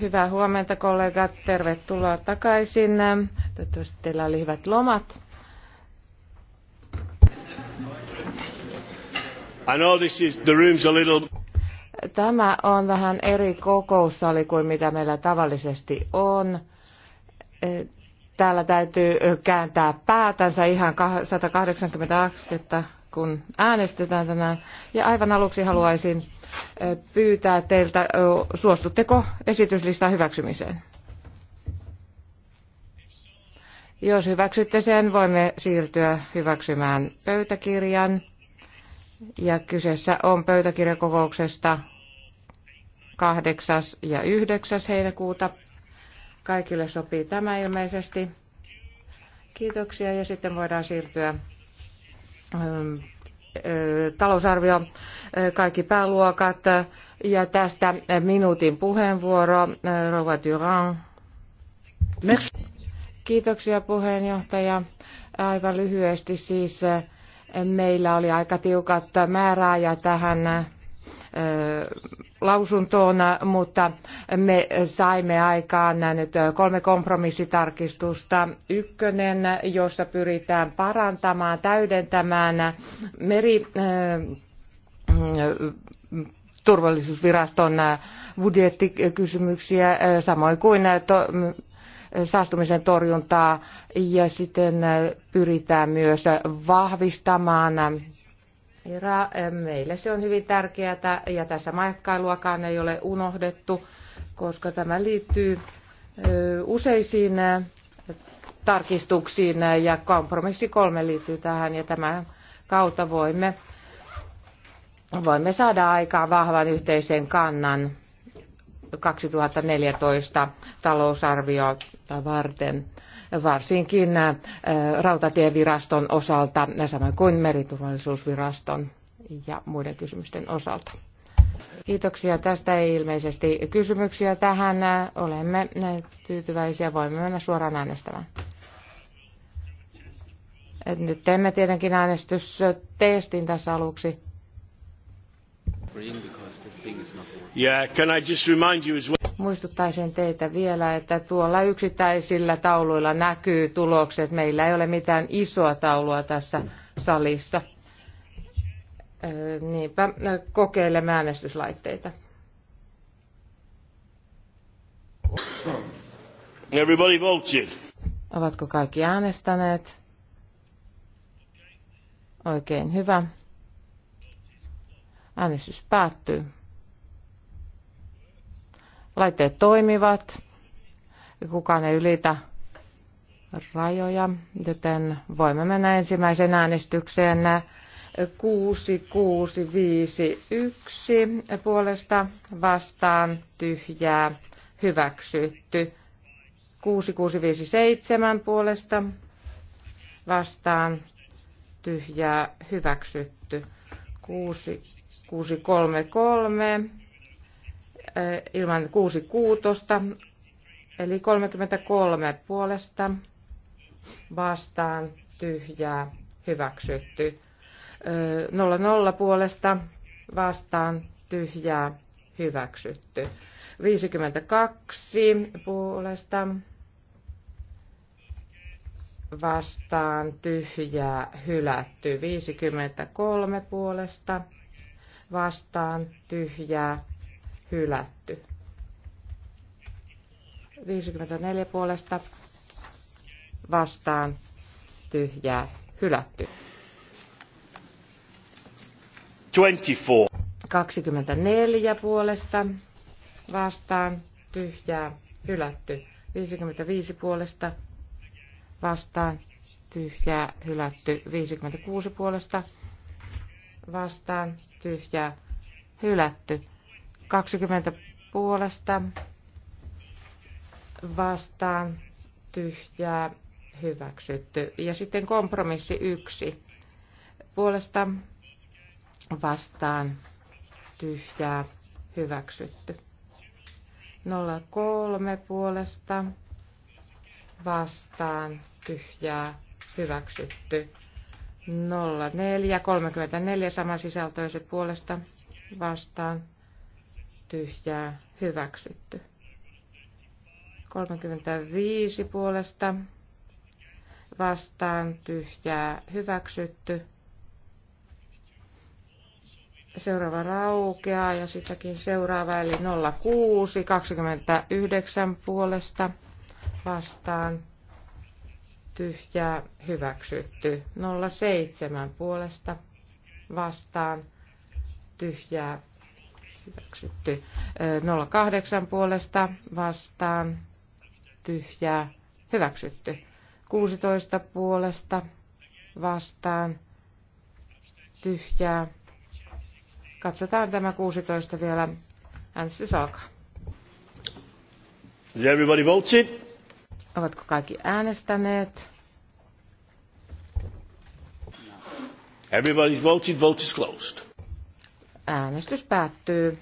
Hyvää huomenta kollegat, tervetuloa takaisin. Toivottavasti teillä oli hyvät lomat. I know this is, the room's a little... Tämä on vähän eri kokoussali kuin mitä meillä tavallisesti on. Eh, täällä täytyy kääntää päätänsä ihan 180 astetta, kun äänestetään tänään. Ja aivan aluksi haluaisin pyytää teiltä, suostutteko esityslistan hyväksymiseen? Jos hyväksytte sen, voimme siirtyä hyväksymään pöytäkirjan. Ja kyseessä on pöytäkirjakokouksesta 8. ja 9. heinäkuuta. Kaikille sopii tämä ilmeisesti. Kiitoksia ja sitten voidaan siirtyä talousarvio kaikki pääluokat. Ja tästä minuutin puheenvuoro, Rova Durand. Kiitoksia puheenjohtaja. Aivan lyhyesti siis meillä oli aika tiukat määräajat tähän lausuntoon, mutta me saimme aikaan nyt kolme kompromissitarkistusta. Ykkönen, jossa pyritään parantamaan, täydentämään meri turvallisuusviraston äh, budjettikysymyksiä, äh, samoin kuin äh, saastumisen torjuntaa ja sitten pyritään myös vahvistamaan meille se on hyvin tärkeää ja tässä matkailuakaan ei ole unohdettu, koska tämä liittyy useisiin tarkistuksiin ja kompromissi kolme liittyy tähän ja tämän kautta voimme voimme saada aikaan vahvan yhteisen kannan 2014 talousarviota varten, varsinkin äh, rautatieviraston osalta, samoin kuin meriturvallisuusviraston ja muiden kysymysten osalta. Kiitoksia tästä. Ei ilmeisesti kysymyksiä tähän. Äh, olemme tyytyväisiä. Voimme mennä suoraan äänestämään. Nyt teemme tietenkin äänestystestin tässä aluksi. Muistuttaisin teitä vielä, että tuolla yksittäisillä tauluilla näkyy tulokset. Meillä ei ole mitään isoa taulua tässä salissa. Niinpä kokeilemme äänestyslaitteita. Everybody voted. Ovatko kaikki äänestäneet? Oikein hyvä. Äänestys päättyy. Laitteet toimivat. Kukaan ei ylitä rajoja, joten voimme mennä ensimmäiseen äänestykseen 6651 puolesta vastaan tyhjää hyväksytty. 6657 puolesta vastaan tyhjää hyväksytty. 6633 eh, ilman 66, eli 33 puolesta vastaan tyhjää hyväksytty. 00 eh, puolesta vastaan tyhjää hyväksytty. 52 puolesta vastaan tyhjää hylätty. 53 puolesta vastaan tyhjää hylätty. 54 puolesta vastaan tyhjää hylätty. 24. puolesta vastaan tyhjää hylätty. 55 puolesta vastaan tyhjää hylätty 56 puolesta vastaan tyhjää hylätty 20 puolesta vastaan tyhjää hyväksytty. Ja sitten kompromissi yksi puolesta vastaan tyhjää hyväksytty. 03 puolesta vastaan tyhjää hyväksytty. 04, 34 samansisältöiset puolesta vastaan tyhjää hyväksytty. 35 puolesta vastaan tyhjää hyväksytty. Seuraava raukeaa ja sitäkin seuraava eli 06, 29 puolesta vastaan tyhjää hyväksytty. 07 puolesta vastaan tyhjää hyväksytty. 08 puolesta vastaan tyhjää hyväksytty. 16 puolesta vastaan tyhjää. Katsotaan tämä 16 vielä. Äänestys alkaa. Has everybody voted? Ovatko kaikki äänestäneet? Everybody's voted, vote is closed. Äänestys päättyy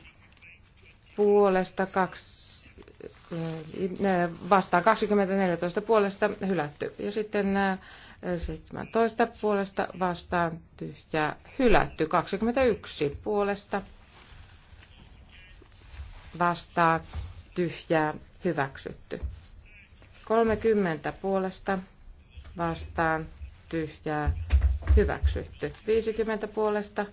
puolesta kaksi vastaan 2014 puolesta hylätty. Ja sitten 17 puolesta vastaan tyhjä hylätty. 21 puolesta vastaan tyhjää hyväksytty. 30 puolesta vastaan tyhjää hyväksytty. 50 puolesta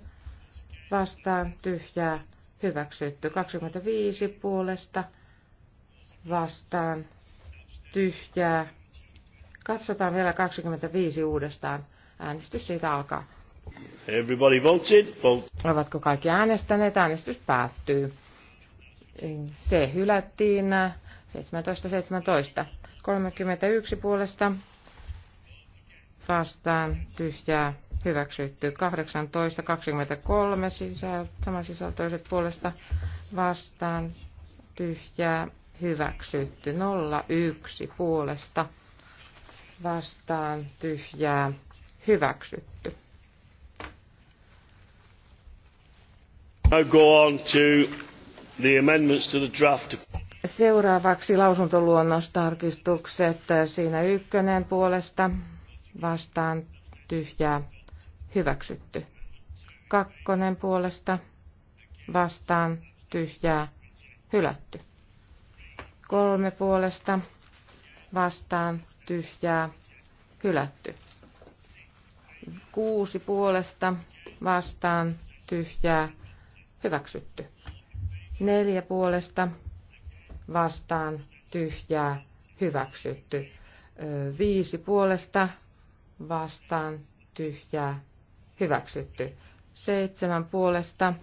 vastaan tyhjää hyväksytty. 25 puolesta vastaan tyhjää. Katsotaan vielä 25 uudestaan. Äänestys siitä alkaa. Everybody voted. Vote. Ovatko kaikki äänestäneet? Äänestys päättyy. Se hylättiin 17.17. 17. 31 puolesta vastaan tyhjää hyväksytty. 18, 23 sisäl, samansisältöiset puolesta vastaan tyhjää hyväksytty. 01 puolesta vastaan tyhjää hyväksytty. Now go on to the amendments to the draft. Seuraavaksi lausuntoluonnostarkistukset. Siinä ykkönen puolesta vastaan tyhjää hyväksytty. Kakkonen puolesta vastaan tyhjää hylätty. Kolme puolesta vastaan tyhjää hylätty. Kuusi puolesta vastaan tyhjää hyväksytty. Neljä puolesta vastaan tyhjää hyväksytty. Viisi puolesta vastaan tyhjää hyväksytty. Seitsemän puolesta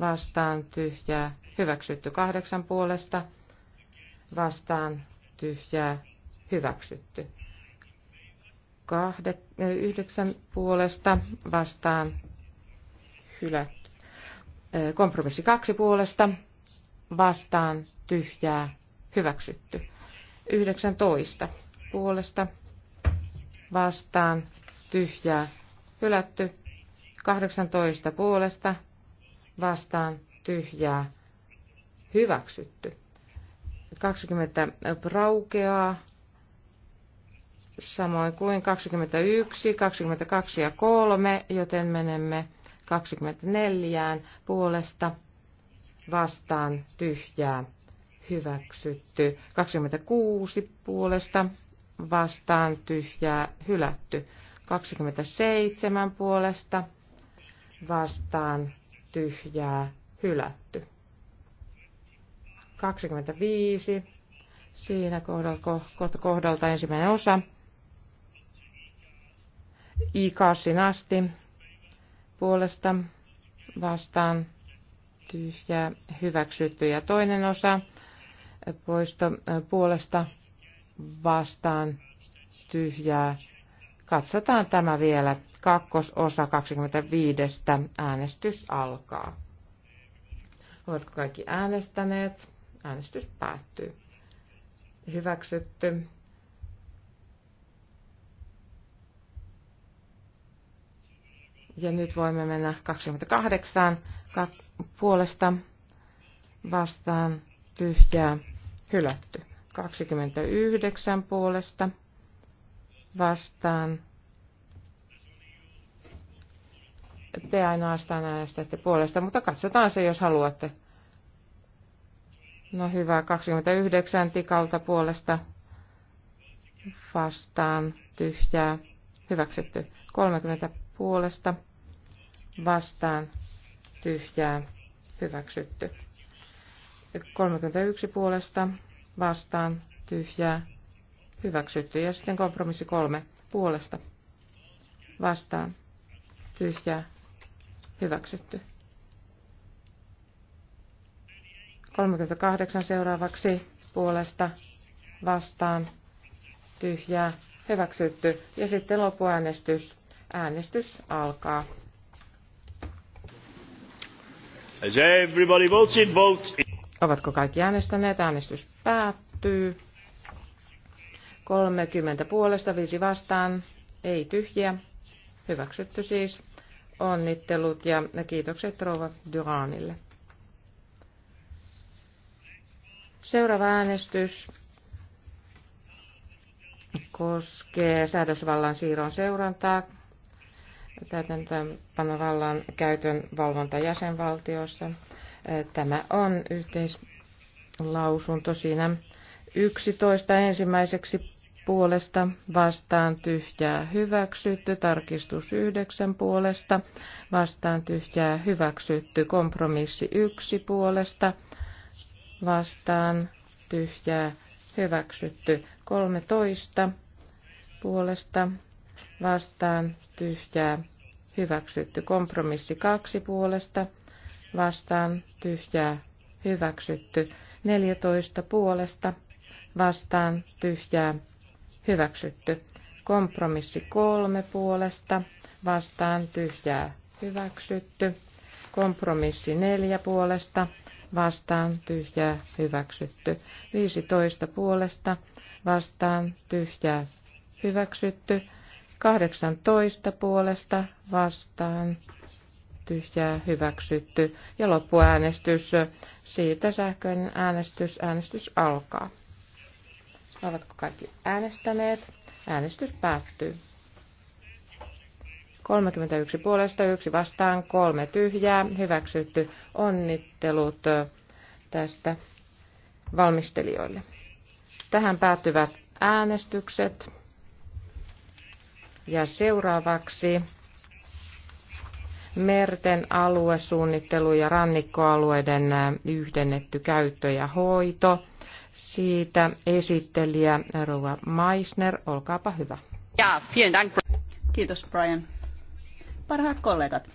vastaan tyhjää hyväksytty. Kahdeksan puolesta vastaan tyhjää hyväksytty. Kahde, yhdeksän puolesta vastaan hylätty. Kompromissi kaksi puolesta vastaan tyhjää hyväksytty. 19 puolesta vastaan tyhjää hylätty. 18 puolesta vastaan tyhjää hyväksytty. 20 raukeaa, samoin kuin 21, 22 ja 3, joten menemme 24 puolesta vastaan tyhjää hyväksytty. 26 puolesta vastaan tyhjää hylätty. 27 puolesta vastaan tyhjää hylätty. 25 siinä kohdalta, kohdalta ensimmäinen osa. Ikaasin asti puolesta vastaan ja hyväksytty. Ja toinen osa poisto puolesta vastaan tyhjää. Katsotaan tämä vielä. Kakkososa 25. Äänestys alkaa. Oletko kaikki äänestäneet? Äänestys päättyy. Hyväksytty. Ja nyt voimme mennä 28 puolesta vastaan tyhjää hylätty. 29 puolesta vastaan. Te ainoastaan äänestätte puolesta, mutta katsotaan se, jos haluatte. No hyvä, 29 tikalta puolesta vastaan tyhjää hyväksytty. 30 puolesta vastaan tyhjää hyväksytty. 31 puolesta vastaan tyhjää hyväksytty. Ja sitten kompromissi kolme puolesta vastaan tyhjää hyväksytty. 38 seuraavaksi puolesta vastaan tyhjää hyväksytty. Ja sitten loppuäänestys. Äänestys alkaa. Has everybody voted? Vote. Ovatko kaikki äänestäneet? Äänestys päättyy. 30 puolesta, 5 vastaan, ei tyhjiä. Hyväksytty siis. Onnittelut ja kiitokset Rova Duranille. Seuraava äänestys koskee säädösvallan siirron seurantaa täytäntöönpanovallan käytön valvonta jäsenvaltiossa. Tämä on yhteislausunto siinä 11 ensimmäiseksi puolesta vastaan tyhjää hyväksytty, tarkistus yhdeksän puolesta vastaan tyhjää hyväksytty, kompromissi yksi puolesta vastaan tyhjää hyväksytty, 13 puolesta vastaan tyhjää hyväksytty. Kompromissi kaksi puolesta vastaan tyhjää hyväksytty. 14 puolesta vastaan tyhjää hyväksytty. Kompromissi kolme puolesta vastaan tyhjää hyväksytty. Kompromissi neljä puolesta vastaan tyhjää hyväksytty. 15 puolesta vastaan tyhjää hyväksytty. 18 puolesta vastaan tyhjää hyväksytty ja loppuäänestys. Siitä sähköinen äänestys. Äänestys alkaa. Ovatko kaikki äänestäneet? Äänestys päättyy. 31 puolesta, yksi vastaan, kolme tyhjää, hyväksytty. Onnittelut tästä valmistelijoille. Tähän päättyvät äänestykset. Ja seuraavaksi merten aluesuunnittelu ja rannikkoalueiden yhdennetty käyttö ja hoito. Siitä esittelijä Rova Meisner, olkaapa hyvä. Ja, vielen dank. Kiitos Brian. Parhaat kollegat,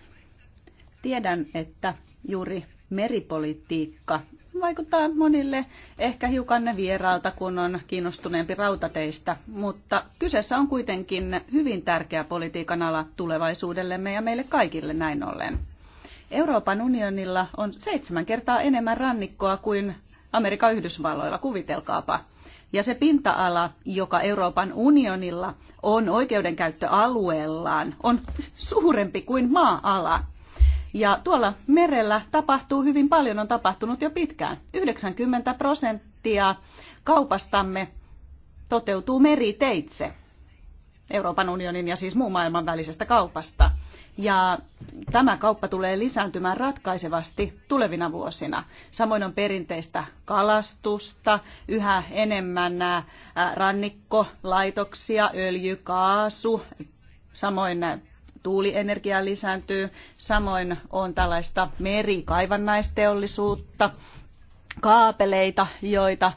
tiedän, että juuri meripolitiikka vaikuttaa monille ehkä hiukan vieraalta, kun on kiinnostuneempi rautateistä, mutta kyseessä on kuitenkin hyvin tärkeä politiikan ala tulevaisuudellemme ja meille kaikille näin ollen. Euroopan unionilla on seitsemän kertaa enemmän rannikkoa kuin Amerikan Yhdysvalloilla, kuvitelkaapa. Ja se pinta-ala, joka Euroopan unionilla on oikeudenkäyttöalueellaan, on suurempi kuin maa-ala. Ja tuolla merellä tapahtuu hyvin paljon, on tapahtunut jo pitkään. 90 prosenttia kaupastamme toteutuu meriteitse. Euroopan unionin ja siis muun maailman välisestä kaupasta. Ja tämä kauppa tulee lisääntymään ratkaisevasti tulevina vuosina. Samoin on perinteistä kalastusta, yhä enemmän rannikkolaitoksia, öljy, kaasu, samoin tuulienergia lisääntyy, samoin on tällaista merikaivannaisteollisuutta, kaapeleita, joita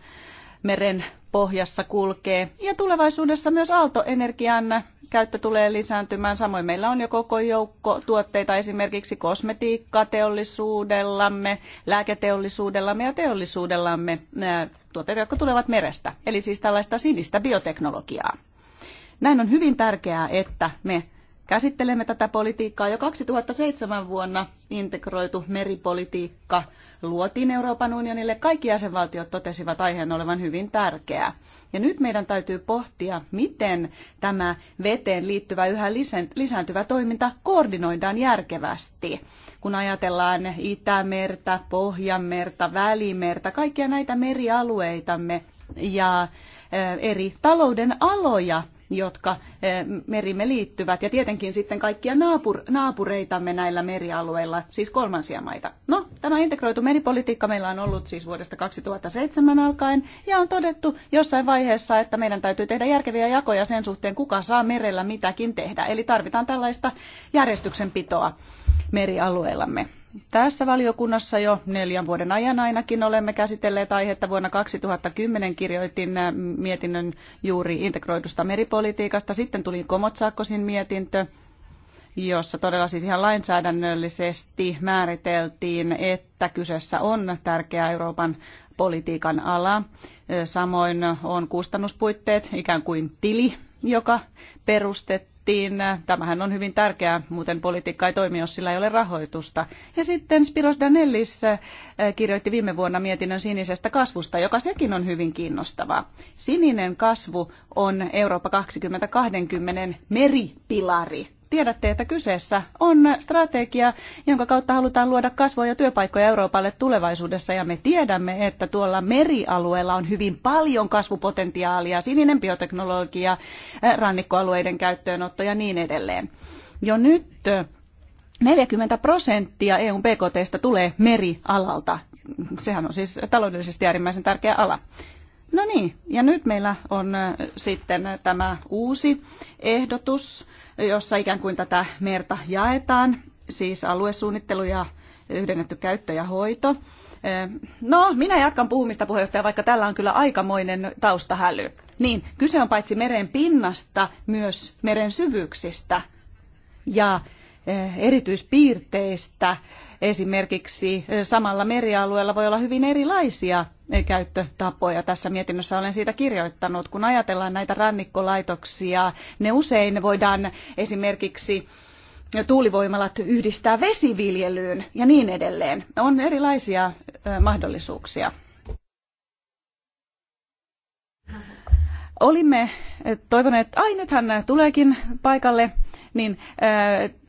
meren pohjassa kulkee. Ja tulevaisuudessa myös aaltoenergian käyttö tulee lisääntymään. Samoin meillä on jo koko joukko tuotteita esimerkiksi kosmetiikkateollisuudellamme, lääketeollisuudellamme ja teollisuudellamme, tuotteita, jotka tulevat merestä. Eli siis tällaista sinistä bioteknologiaa. Näin on hyvin tärkeää, että me käsittelemme tätä politiikkaa. Jo 2007 vuonna integroitu meripolitiikka luotiin Euroopan unionille. Kaikki jäsenvaltiot totesivat aiheen olevan hyvin tärkeää. Ja nyt meidän täytyy pohtia, miten tämä veteen liittyvä yhä lisääntyvä toiminta koordinoidaan järkevästi. Kun ajatellaan Itämerta, Pohjanmerta, Välimerta, kaikkia näitä merialueitamme ja eri talouden aloja, jotka eh, merimme liittyvät. Ja tietenkin sitten kaikkia naapur- naapureitamme näillä merialueilla, siis kolmansia maita. No, tämä integroitu meripolitiikka meillä on ollut siis vuodesta 2007 alkaen, ja on todettu jossain vaiheessa, että meidän täytyy tehdä järkeviä jakoja sen suhteen, kuka saa merellä mitäkin tehdä. Eli tarvitaan tällaista järjestyksenpitoa merialueillamme. Tässä valiokunnassa jo neljän vuoden ajan ainakin olemme käsitelleet aihetta. Vuonna 2010 kirjoitin äh, mietinnön juuri integroidusta meripolitiikasta. Sitten tuli Komotsaakkosin mietintö, jossa todella siis ihan lainsäädännöllisesti määriteltiin, että kyseessä on tärkeä Euroopan politiikan ala. Äh, samoin on kustannuspuitteet, ikään kuin tili, joka perustettiin budjettiin. Tämähän on hyvin tärkeää, muuten politiikka ei toimi, jos sillä ei ole rahoitusta. Ja sitten Spiros Danellis eh, kirjoitti viime vuonna mietinnön sinisestä kasvusta, joka sekin on hyvin kiinnostava. Sininen kasvu on Eurooppa 2020 meripilari tiedätte, että kyseessä on strategia, jonka kautta halutaan luoda kasvua ja työpaikkoja Euroopalle tulevaisuudessa. Ja me tiedämme, että tuolla merialueella on hyvin paljon kasvupotentiaalia, sininen bioteknologia, eh, rannikkoalueiden käyttöönotto ja niin edelleen. Jo nyt 40 eh, prosenttia EUn BKTstä tulee merialalta. Sehän on siis taloudellisesti äärimmäisen tärkeä ala. No niin, ja nyt meillä on sitten tämä uusi ehdotus, jossa ikään kuin tätä merta jaetaan, siis aluesuunnittelu ja yhdennetty käyttö ja hoito. No, minä jatkan puhumista puheenjohtaja, vaikka tällä on kyllä aikamoinen taustahäly. Niin, kyse on paitsi meren pinnasta, myös meren syvyyksistä ja erityispiirteistä esimerkiksi eh, samalla merialueella voi olla hyvin erilaisia eh, käyttötapoja. Tässä mietinnössä olen siitä kirjoittanut. Kun ajatellaan näitä rannikkolaitoksia, ne usein voidaan esimerkiksi eh, tuulivoimalat yhdistää vesiviljelyyn ja niin edelleen. On erilaisia mahdollisuuksia. Olimme toivoneet, että ai nythän tuleekin paikalle niin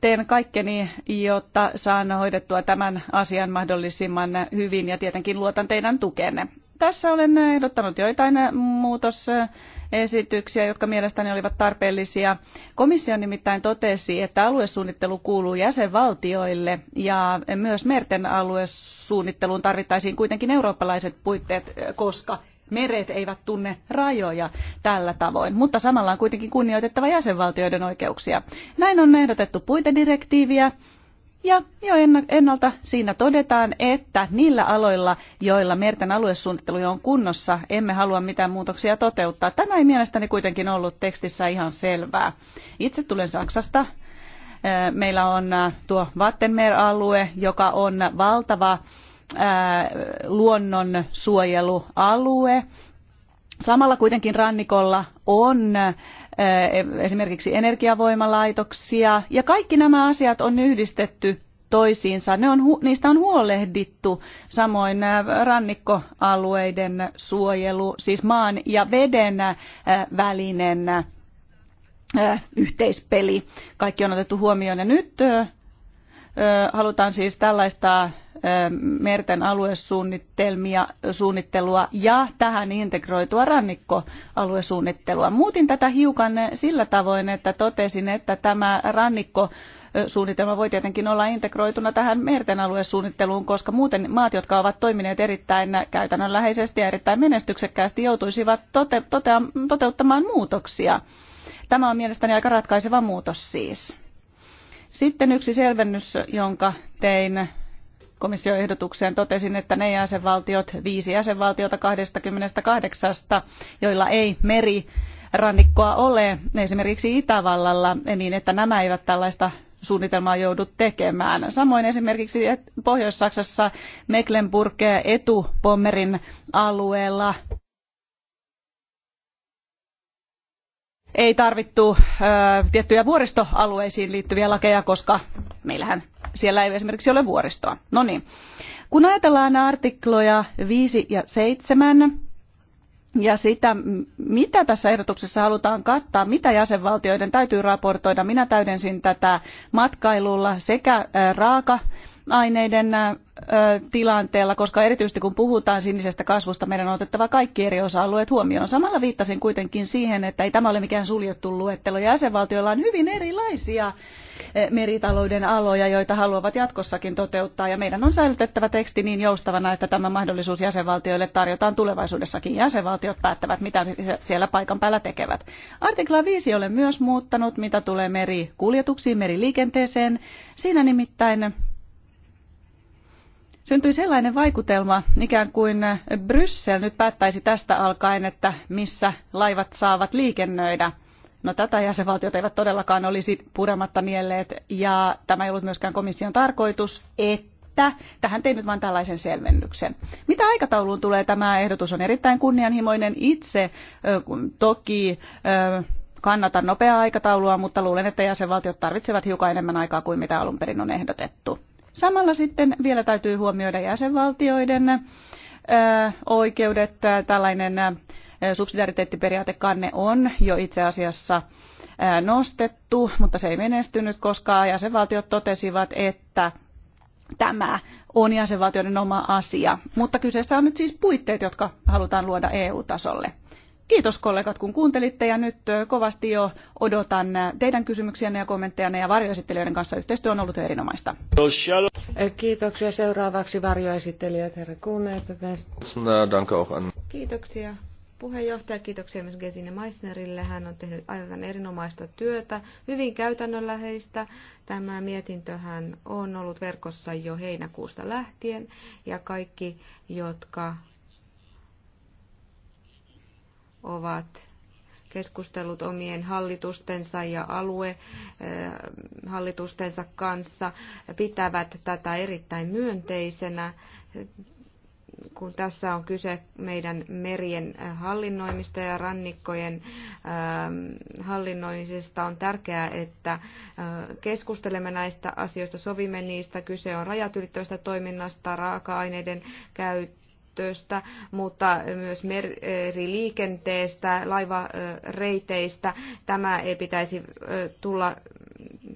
teen kaikkeni, jotta saan hoidettua tämän asian mahdollisimman hyvin ja tietenkin luotan teidän tukenne. Tässä olen ehdottanut joitain muutosesityksiä, jotka mielestäni olivat tarpeellisia. Komissio nimittäin totesi, että aluesuunnittelu kuuluu jäsenvaltioille ja myös merten aluesuunnitteluun tarvittaisiin kuitenkin eurooppalaiset puitteet, koska meret eivät tunne rajoja tällä tavoin, mutta samalla on kuitenkin kunnioitettava jäsenvaltioiden oikeuksia. Näin on ehdotettu puitedirektiiviä. Ja jo ennalta siinä todetaan, että niillä aloilla, joilla merten aluesuunnittelu on kunnossa, emme halua mitään muutoksia toteuttaa. Tämä ei mielestäni kuitenkin ollut tekstissä ihan selvää. Itse tulen Saksasta. Meillä on tuo Wattenmeer-alue, joka on valtava luonnonsuojelualue. Samalla kuitenkin rannikolla on esimerkiksi energiavoimalaitoksia ja kaikki nämä asiat on yhdistetty toisiinsa. Ne on, niistä on huolehdittu, samoin rannikkoalueiden suojelu, siis maan ja veden välinen yhteispeli. Kaikki on otettu huomioon ja nyt halutaan siis tällaista merten aluesuunnitelmia, suunnittelua ja tähän integroitua rannikkoaluesuunnittelua. Muutin tätä hiukan sillä tavoin, että totesin, että tämä rannikko suunnitelma voi tietenkin olla integroituna tähän merten aluesuunnitteluun, koska muuten maat, jotka ovat toimineet erittäin käytännönläheisesti ja erittäin menestyksekkäästi, joutuisivat tote, toteuttamaan muutoksia. Tämä on mielestäni aika ratkaiseva muutos siis. Sitten yksi selvennys, jonka tein ehdotukseen totesin, että ne jäsenvaltiot, viisi jäsenvaltiota 28, joilla ei meri rannikkoa ole, esimerkiksi Itävallalla, niin että nämä eivät tällaista suunnitelmaa joudu tekemään. Samoin esimerkiksi Pohjois-Saksassa Mecklenburg etupommerin alueella ei tarvittu ö, tiettyjä vuoristoalueisiin liittyviä lakeja, koska meillähän siellä ei esimerkiksi ole vuoristoa. No niin. Kun ajatellaan artikloja 5 ja 7, ja sitä, mitä tässä ehdotuksessa halutaan kattaa, mitä jäsenvaltioiden täytyy raportoida. Minä täydensin tätä matkailulla sekä raaka aineiden tilanteella, koska erityisesti kun puhutaan sinisestä kasvusta, meidän on otettava kaikki eri osa-alueet huomioon. Samalla viittasin kuitenkin siihen, että ei tämä ole mikään suljettu luettelo. Jäsenvaltioilla on hyvin erilaisia Eh, meritalouden aloja, joita haluavat jatkossakin toteuttaa. Ja meidän on säilytettävä teksti niin joustavana, että tämä mahdollisuus jäsenvaltioille tarjotaan tulevaisuudessakin. Jäsenvaltiot päättävät, mitä siellä paikan päällä tekevät. Artikla 5 olen myös muuttanut, mitä tulee merikuljetuksiin, meriliikenteeseen. Siinä nimittäin syntyi sellainen vaikutelma ikään kuin bryssel nyt päättäisi tästä alkaen että missä laivat saavat liikennöidä No tätä jäsenvaltiot eivät todellakaan olisi purematta mielleet ja tämä ei ollut myöskään komission tarkoitus, että tähän tein nyt vain tällaisen selvennyksen. Mitä aikatauluun tulee, tämä ehdotus on erittäin kunnianhimoinen itse, toki kannatan nopeaa aikataulua, mutta luulen, että jäsenvaltiot tarvitsevat hiukan enemmän aikaa kuin mitä alun perin on ehdotettu. Samalla sitten vielä täytyy huomioida jäsenvaltioiden oikeudet, tällainen subsidiariteettiperiaatekanne on jo itse asiassa nostettu, mutta se ei menestynyt, koska jäsenvaltiot totesivat, että tämä on jäsenvaltioiden oma asia. Mutta kyseessä on nyt siis puitteet, jotka halutaan luoda EU-tasolle. Kiitos kollegat, kun kuuntelitte ja nyt kovasti jo odotan teidän kysymyksiänne ja kommenttejanne ja varjoesittelijöiden kanssa yhteistyö on ollut erinomaista. Kiitoksia seuraavaksi varjoesittelijät, herra Kuhne. Kiitoksia puheenjohtaja. Kiitoksia myös Gesine Meissnerille. Hän on tehnyt aivan erinomaista työtä, hyvin käytännönläheistä. Tämä mietintöhän on ollut verkossa jo heinäkuusta lähtien ja kaikki, jotka ovat keskustellut omien hallitustensa ja aluehallitustensa eh, kanssa, pitävät tätä erittäin myönteisenä kun tässä on kyse meidän merien äh, hallinnoimista ja rannikkojen ähm, hallinnoimisesta, on tärkeää, että äh, keskustelemme näistä asioista, sovimme niistä. Kyse on rajat ylittävästä toiminnasta, raaka-aineiden käyttöä käytöstä, mutta myös meriliikenteestä, laivareiteistä. Tämä ei pitäisi tulla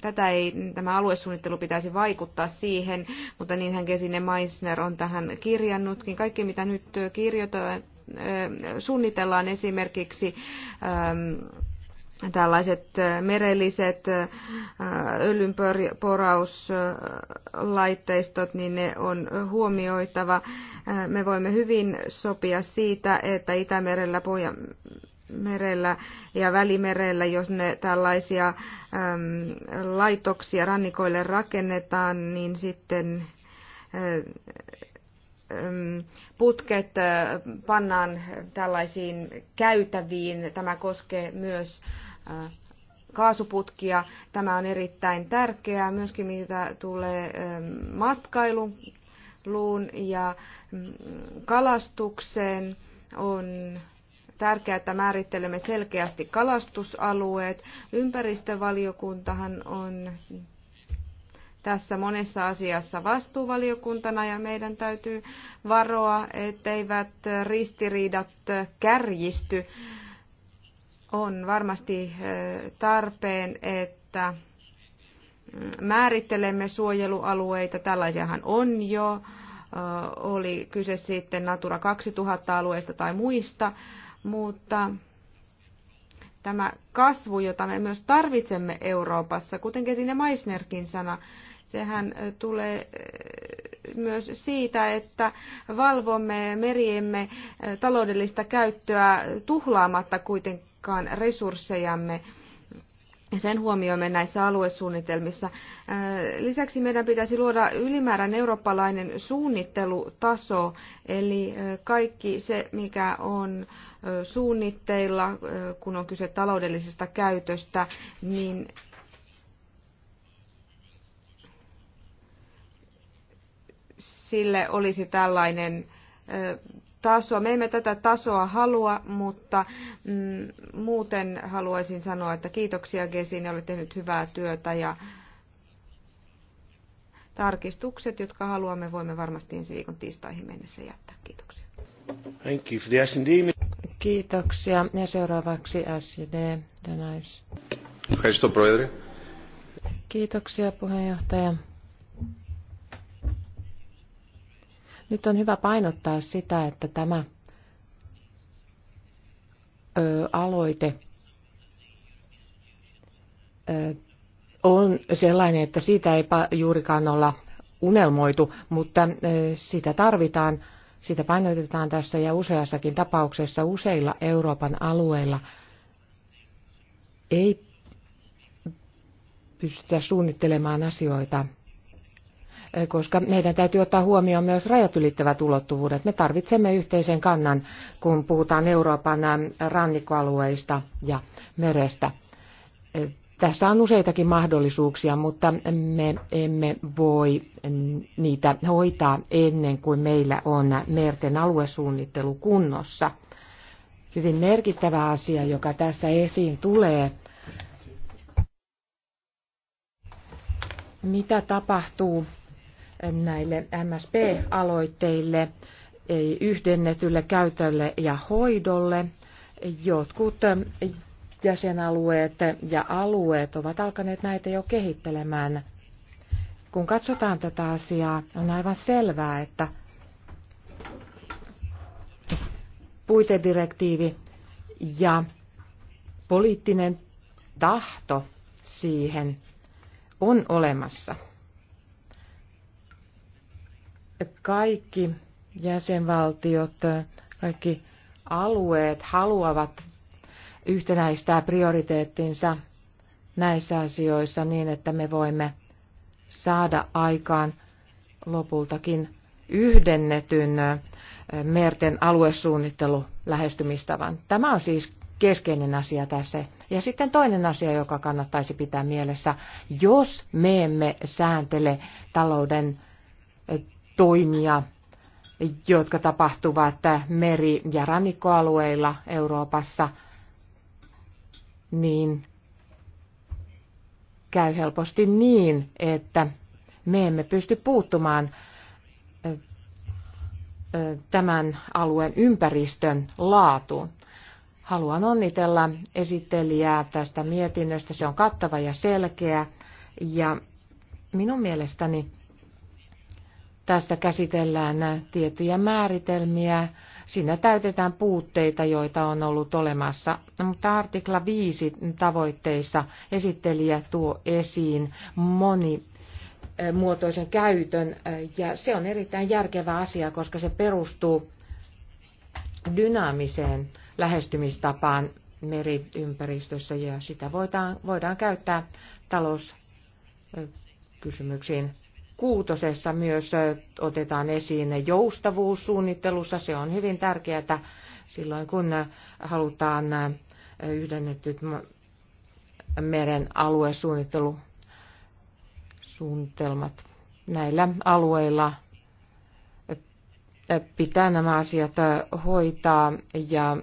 tätä ei, tämä aluesuunnittelu pitäisi vaikuttaa siihen, mutta niinhän Gesine Meissner on tähän kirjannutkin. Kaikki mitä nyt kirjoitetaan, suunnitellaan esimerkiksi ähm, tällaiset äh, merelliset äh, öljynporauslaitteistot, niin ne on huomioitava. Äh, me voimme hyvin sopia siitä, että Itämerellä, merellä ja välimerellä, jos ne tällaisia äm, laitoksia rannikoille rakennetaan, niin sitten putket pannaan tällaisiin käytäviin. Tämä koskee myös äh, kaasuputkia. Tämä on erittäin tärkeää myöskin mitä tulee ähm, matkailuun ja mm, kalastukseen. On tärkeää, että määrittelemme selkeästi kalastusalueet. Ympäristövaliokuntahan on tässä monessa asiassa vastuuvaliokuntana ja meidän täytyy varoa, etteivät ristiriidat kärjisty on varmasti tarpeen, että mm, määrittelemme suojelualueita. Tällaisiahan on jo, oli kyse sitten Natura 2000-alueista tai muista, mutta tämä kasvu, jota me myös tarvitsemme Euroopassa, kuten Kesine Meissnerkin sana, sehän tulee myös siitä, että valvomme meriemme taloudellista käyttöä tuhlaamatta kuitenkin tarkkaan resurssejamme ja sen huomioimme näissä aluesuunnitelmissa. Äh, lisäksi meidän pitäisi luoda ylimääräinen eurooppalainen suunnittelutaso, eli äh, kaikki se, mikä on äh, suunnitteilla, kun on kyse taloudellisesta käytöstä, niin sille olisi tällainen tasoa. Me emme tätä tasoa halua, mutta mm, muuten haluaisin sanoa, että kiitoksia Gesin, olet tehnyt hyvää työtä ja tarkistukset, jotka haluamme, voimme varmasti ensi viikon tiistaihin mennessä jättää. Kiitoksia. Thank you for the S&D. Kiitoksia. Ja seuraavaksi SD, Denais. Kiitoksia puheenjohtaja. Nyt on hyvä painottaa sitä, että tämä ö, aloite ö, on sellainen, että siitä ei juurikaan olla unelmoitu, mutta ö, sitä tarvitaan, sitä painotetaan tässä ja useassakin tapauksessa useilla Euroopan alueilla ei pystytä suunnittelemaan asioita koska meidän täytyy ottaa huomioon myös rajat ylittävät ulottuvuudet. Me tarvitsemme yhteisen kannan, kun puhutaan Euroopan ähm, rannikkoalueista ja merestä. Tässä on useitakin mahdollisuuksia, mutta me emme voi mm, niitä hoitaa ennen kuin meillä on merten aluesuunnittelu kunnossa. Hyvin merkittävä asia, joka tässä esiin tulee, mitä tapahtuu näille MSP-aloitteille, yhdennetylle käytölle ja hoidolle. Jotkut jäsenalueet ja alueet ovat alkaneet näitä jo kehittelemään. Kun katsotaan tätä asiaa, on aivan selvää, että puitedirektiivi ja poliittinen tahto siihen on olemassa kaikki jäsenvaltiot, kaikki alueet haluavat yhtenäistää prioriteettinsa näissä asioissa niin, että me voimme saada aikaan lopultakin yhdennetyn merten aluesuunnittelu lähestymistavan. Tämä on siis keskeinen asia tässä. Ja sitten toinen asia, joka kannattaisi pitää mielessä, jos me emme sääntele talouden toimia, jotka tapahtuvat meri- ja rannikkoalueilla Euroopassa, niin käy helposti niin, että me emme pysty puuttumaan tämän alueen ympäristön laatuun. Haluan onnitella esittelijää tästä mietinnöstä. Se on kattava ja selkeä. Ja minun mielestäni tässä käsitellään tiettyjä määritelmiä. Siinä täytetään puutteita, joita on ollut olemassa, mutta artikla 5 tavoitteissa esittelijä tuo esiin moni eh, muotoisen käytön eh, ja se on erittäin järkevä asia, koska se perustuu dynaamiseen lähestymistapaan meriympäristössä ja sitä voidaan, voidaan käyttää talouskysymyksiin. Eh, kuutosessa myös otetaan esiin joustavuus suunnittelussa. Se on hyvin tärkeää silloin, kun halutaan yhdennetyt meren aluesuunnittelusuunnitelmat. Näillä alueilla pitää nämä asiat hoitaa ja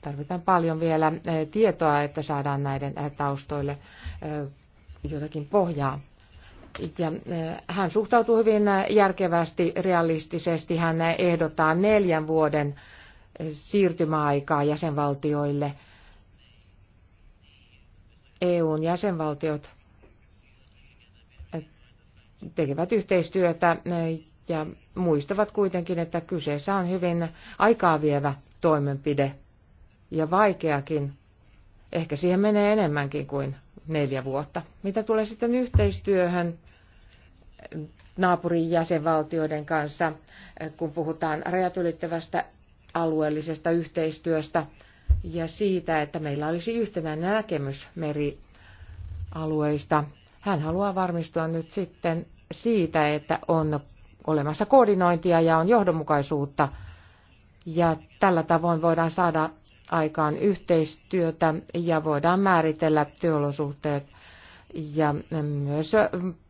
tarvitaan paljon vielä tietoa, että saadaan näiden taustoille jotakin pohjaa. Ja e, hän suhtautuu hyvin järkevästi, realistisesti. Hän ehdottaa neljän vuoden e, siirtymäaikaa jäsenvaltioille. EUn jäsenvaltiot e, tekevät yhteistyötä ja muistavat kuitenkin, että kyseessä on hyvin aikaa vievä toimenpide ja vaikeakin. Ehkä siihen menee enemmänkin kuin neljä vuotta. Mitä tulee sitten yhteistyöhön naapurin jäsenvaltioiden kanssa, kun puhutaan rajat ylittävästä alueellisesta yhteistyöstä ja siitä, että meillä olisi yhtenäinen näkemys merialueista. Hän haluaa varmistua nyt sitten siitä, että on olemassa koordinointia ja on johdonmukaisuutta. Ja tällä tavoin voidaan saada aikaan yhteistyötä ja voidaan määritellä työolosuhteet – ja myös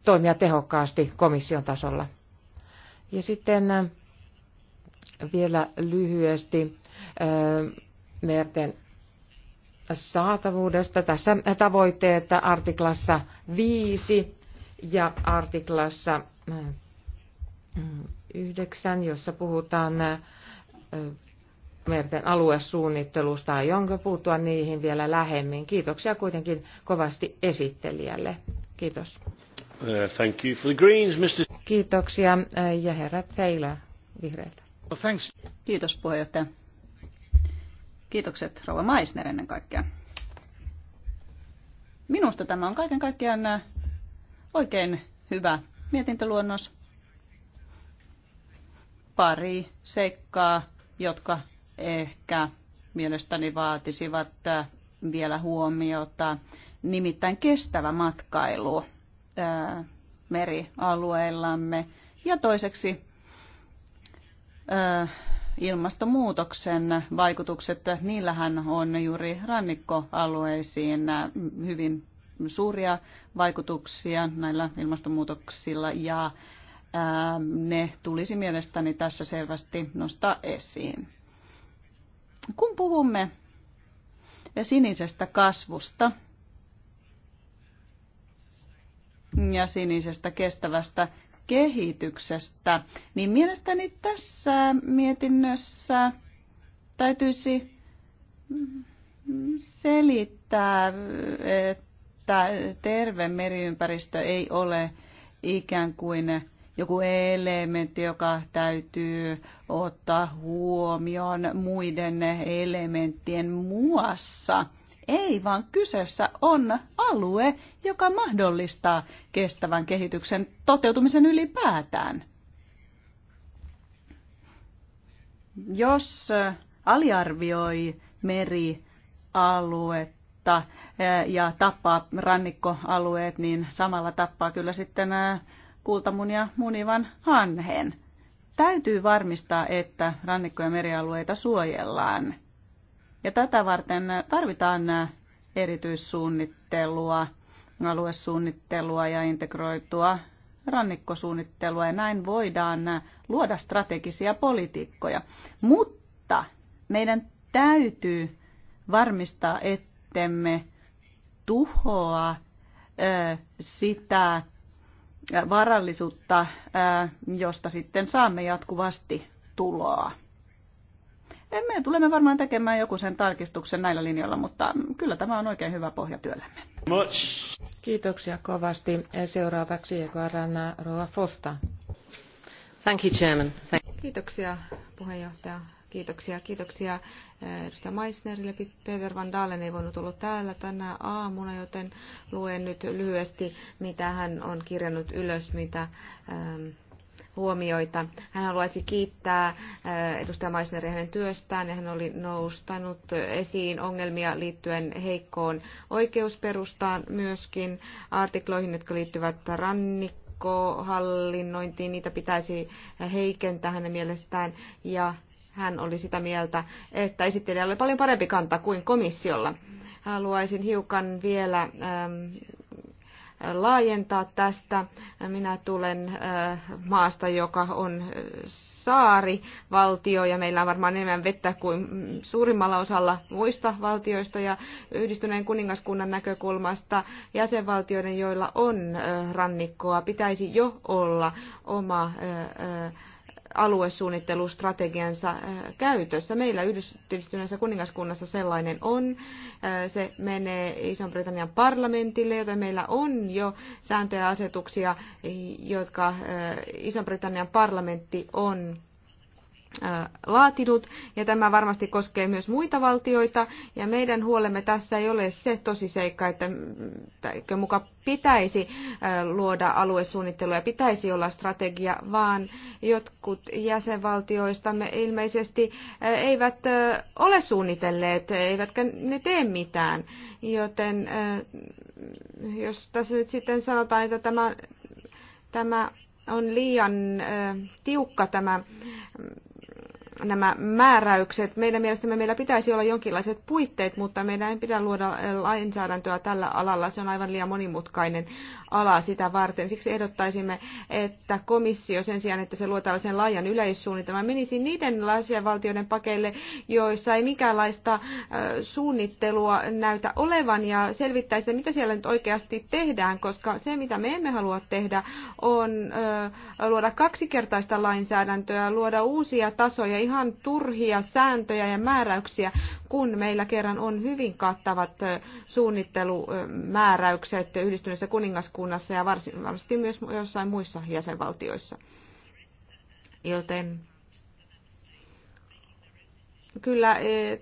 toimia tehokkaasti komission tasolla. Ja sitten äh, vielä lyhyesti äh, merten saatavuudesta. Tässä tavoitteet artiklassa 5 ja artiklassa 9, äh, jossa puhutaan merten aluesuunnittelusta. Aionko puuttua niihin vielä lähemmin? Kiitoksia kuitenkin kovasti esittelijälle. Kiitos. Uh, thank you for the greens, Mr. Kiitoksia uh, ja herra Taylor vihreiltä. Well, Kiitos puheenjohtaja. Kiitokset rouva Maisner ennen kaikkea. Minusta tämä on kaiken kaikkiaan uh, oikein hyvä mietintöluonnos. Pari seikkaa, jotka ehkä mielestäni vaatisivat vielä huomiota. Nimittäin kestävä matkailu merialueillamme ja toiseksi ilmastonmuutoksen vaikutukset, niillähän on juuri rannikkoalueisiin hyvin suuria vaikutuksia näillä ilmastonmuutoksilla ja ne tulisi mielestäni tässä selvästi nostaa esiin. Kun puhumme sinisestä kasvusta ja sinisestä kestävästä kehityksestä, niin mielestäni tässä mietinnössä täytyisi selittää, että terve meriympäristö ei ole ikään kuin joku elementti, joka täytyy ottaa huomioon muiden elementtien muassa. Ei, vaan kyseessä on alue, joka mahdollistaa kestävän kehityksen toteutumisen ylipäätään. Jos aliarvioi merialuetta eh, ja tappaa rannikkoalueet, niin samalla tappaa kyllä sitten eh, kultamunia munivan hanhen. Täytyy varmistaa, että rannikko- ja merialueita suojellaan. Ja tätä varten tarvitaan erityissuunnittelua, aluesuunnittelua ja integroitua rannikkosuunnittelua ja näin voidaan luoda strategisia politiikkoja. Mutta meidän täytyy varmistaa, ettemme tuhoa sitä varallisuutta, josta sitten saamme jatkuvasti tuloa. Me tulemme varmaan tekemään joku sen tarkistuksen näillä linjoilla, mutta kyllä tämä on oikein hyvä pohja työllemme. Kiitoksia kovasti. Seuraavaksi Ekarana Roa Fosta. Thank you, Chairman. Thank- Kiitoksia puheenjohtaja. Kiitoksia, kiitoksia eh, edustaja Meissnerille. Peter Van Dalen ei voinut olla täällä tänä aamuna, joten luen nyt lyhyesti, mitä hän on kirjannut ylös, mitä ehm, huomioita. Hän haluaisi kiittää eh, edustaja Meissneria hänen työstään ja hän oli noustanut esiin ongelmia liittyen heikkoon oikeusperustaan myöskin artikloihin, jotka liittyvät rannikkoon hallinnointiin, niitä pitäisi heikentää hänen mielestään ja hän oli sitä mieltä, että esittelijä oli paljon parempi kanta kuin komissiolla. Haluaisin hiukan vielä ähm, laajentaa tästä. Minä tulen äh, maasta, joka on äh, saarivaltio ja meillä on varmaan enemmän vettä kuin suurimmalla osalla muista valtioista ja yhdistyneen kuningaskunnan näkökulmasta jäsenvaltioiden, joilla on äh, rannikkoa, pitäisi jo olla oma aluesuunnittelustrategiansa äh, käytössä. Meillä yhdistyneessä kuningaskunnassa sellainen on. Äh, se menee Ison-Britannian parlamentille, joten meillä on jo sääntöjä ja asetuksia, jotka äh, Ison-Britannian parlamentti on laatinut, ja tämä varmasti koskee myös muita valtioita, ja meidän huolemme tässä ei ole se tosiseikka, että muka pitäisi luoda aluesuunnittelua ja pitäisi olla strategia, vaan jotkut jäsenvaltioistamme ilmeisesti eivät ole suunnitelleet, eivätkä ne tee mitään, joten jos tässä nyt sitten sanotaan, että tämä, tämä on liian tiukka tämä nämä määräykset. Meidän mielestämme meillä pitäisi olla jonkinlaiset puitteet, mutta meidän ei pidä luoda lainsäädäntöä tällä alalla. Se on aivan liian monimutkainen ala sitä varten. Siksi ehdottaisimme, että komissio sen sijaan, että se luo tällaisen laajan yleissuunnitelman, menisi niiden valtioiden pakeille, joissa ei mikäänlaista suunnittelua näytä olevan ja selvittäisi, että mitä siellä nyt oikeasti tehdään, koska se, mitä me emme halua tehdä, on luoda kaksikertaista lainsäädäntöä, luoda uusia tasoja ihan ihan turhia sääntöjä ja määräyksiä, kun meillä kerran on hyvin kattavat suunnittelumääräykset yhdistyneessä kuningaskunnassa ja varsin, varsinkin myös jossain muissa jäsenvaltioissa. Joten Kyllä e,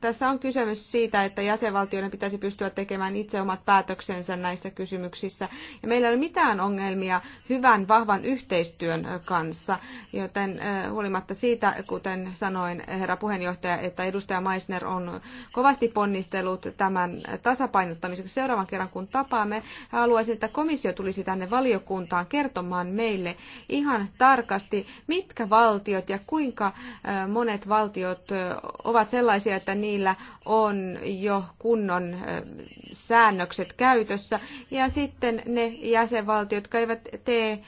tässä on kysymys siitä, että jäsenvaltioiden pitäisi pystyä tekemään itse omat päätöksensä näissä kysymyksissä. Ja meillä ei ole mitään ongelmia hyvän, vahvan yhteistyön kanssa, joten e, huolimatta siitä, kuten sanoin herra puheenjohtaja, että edustaja Meissner on kovasti ponnistellut tämän tasapainottamiseksi seuraavan kerran, kun tapaamme. Haluaisin, että komissio tulisi tänne valiokuntaan kertomaan meille ihan tarkasti, mitkä valtiot ja kuinka e, monet valtiot valtiot ovat sellaisia, että niillä on jo kunnon säännökset käytössä, ja sitten ne jäsenvaltiot, jotka eivät tee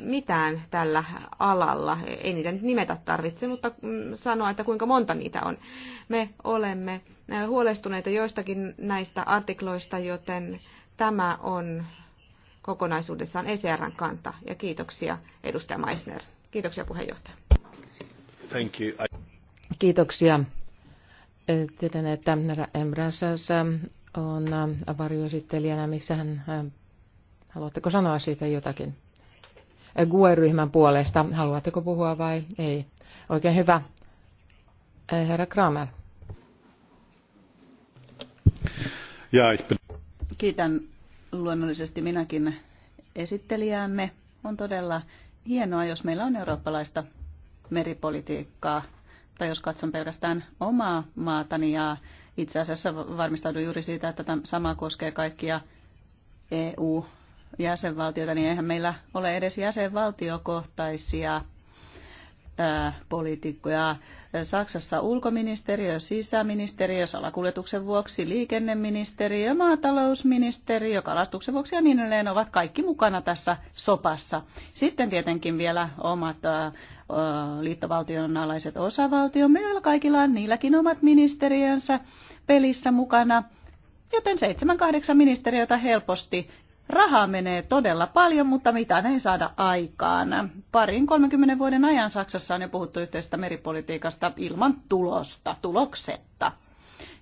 mitään tällä alalla, ei niitä nyt nimetä tarvitse, mutta mm, sanoa, että kuinka monta niitä on. Me olemme huolestuneita joistakin näistä artikloista, joten tämä on kokonaisuudessaan ECRn kanta. Ja kiitoksia edustaja Meissner. Kiitoksia puheenjohtaja. Thank you. I... Kiitoksia. Tiedän, että Embrasas on varjoesittelijänä, missä hän, haluatteko sanoa siitä jotakin? GUE-ryhmän puolesta, haluatteko puhua vai ei? Oikein hyvä. Herra Kramer. Kiitän luonnollisesti minäkin esittelijäämme. On todella hienoa, jos meillä on eurooppalaista meripolitiikkaa mutta jos katson pelkästään omaa maatani ja itse asiassa varmistaudun juuri siitä, että tämä sama koskee kaikkia EU-jäsenvaltioita, niin eihän meillä ole edes jäsenvaltiokohtaisia poliitikkoja. Saksassa ulkoministeriö, sisäministeriö, salakuljetuksen vuoksi liikenneministeriö, maatalousministeriö, kalastuksen vuoksi ja niin edelleen ovat kaikki mukana tässä sopassa. Sitten tietenkin vielä omat liittovaltion alaiset osavaltiomme, joilla kaikilla on niilläkin omat ministeriönsä pelissä mukana joten seitsemän kahdeksan ministeriötä helposti Rahaa menee todella paljon, mutta mitä ei saada aikaan. Parin 30 vuoden ajan Saksassa on jo puhuttu yhteisestä meripolitiikasta ilman tulosta, tuloksetta.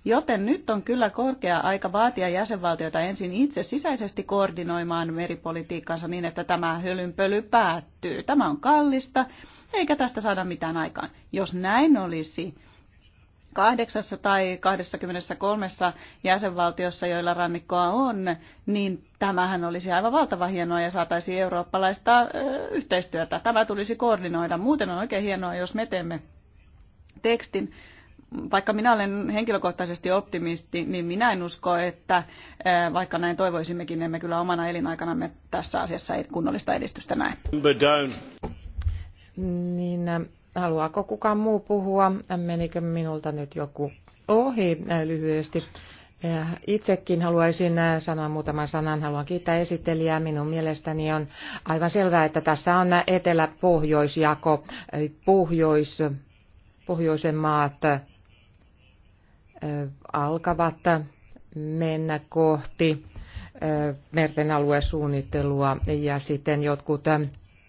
Joten nyt on kyllä korkea aika vaatia jäsenvaltioita ensin itse sisäisesti koordinoimaan meripolitiikkansa niin, että tämä hölynpöly päättyy. Tämä on kallista, eikä tästä saada mitään aikaan. Jos näin olisi, kahdeksassa tai 23 jäsenvaltiossa, joilla rannikkoa on, niin tämähän olisi aivan valtava hienoa ja saataisiin eurooppalaista yhteistyötä. Tämä tulisi koordinoida. Muuten on oikein hienoa, jos me teemme tekstin. Vaikka minä olen henkilökohtaisesti optimisti, niin minä en usko, että vaikka näin toivoisimmekin, emme kyllä omana elinaikanamme tässä asiassa kunnollista edistystä näe. Niin, Haluaako kukaan muu puhua? Menikö minulta nyt joku ohi äh, lyhyesti? Äh, itsekin haluaisin äh, sanoa muutaman sanan. Haluan kiittää esittelijää. Minun mielestäni on aivan selvää, että tässä on etelä-pohjoisjako. Pohjois, pohjoisen maat alkavat mennä kohti merten aluesuunnittelua ja sitten jotkut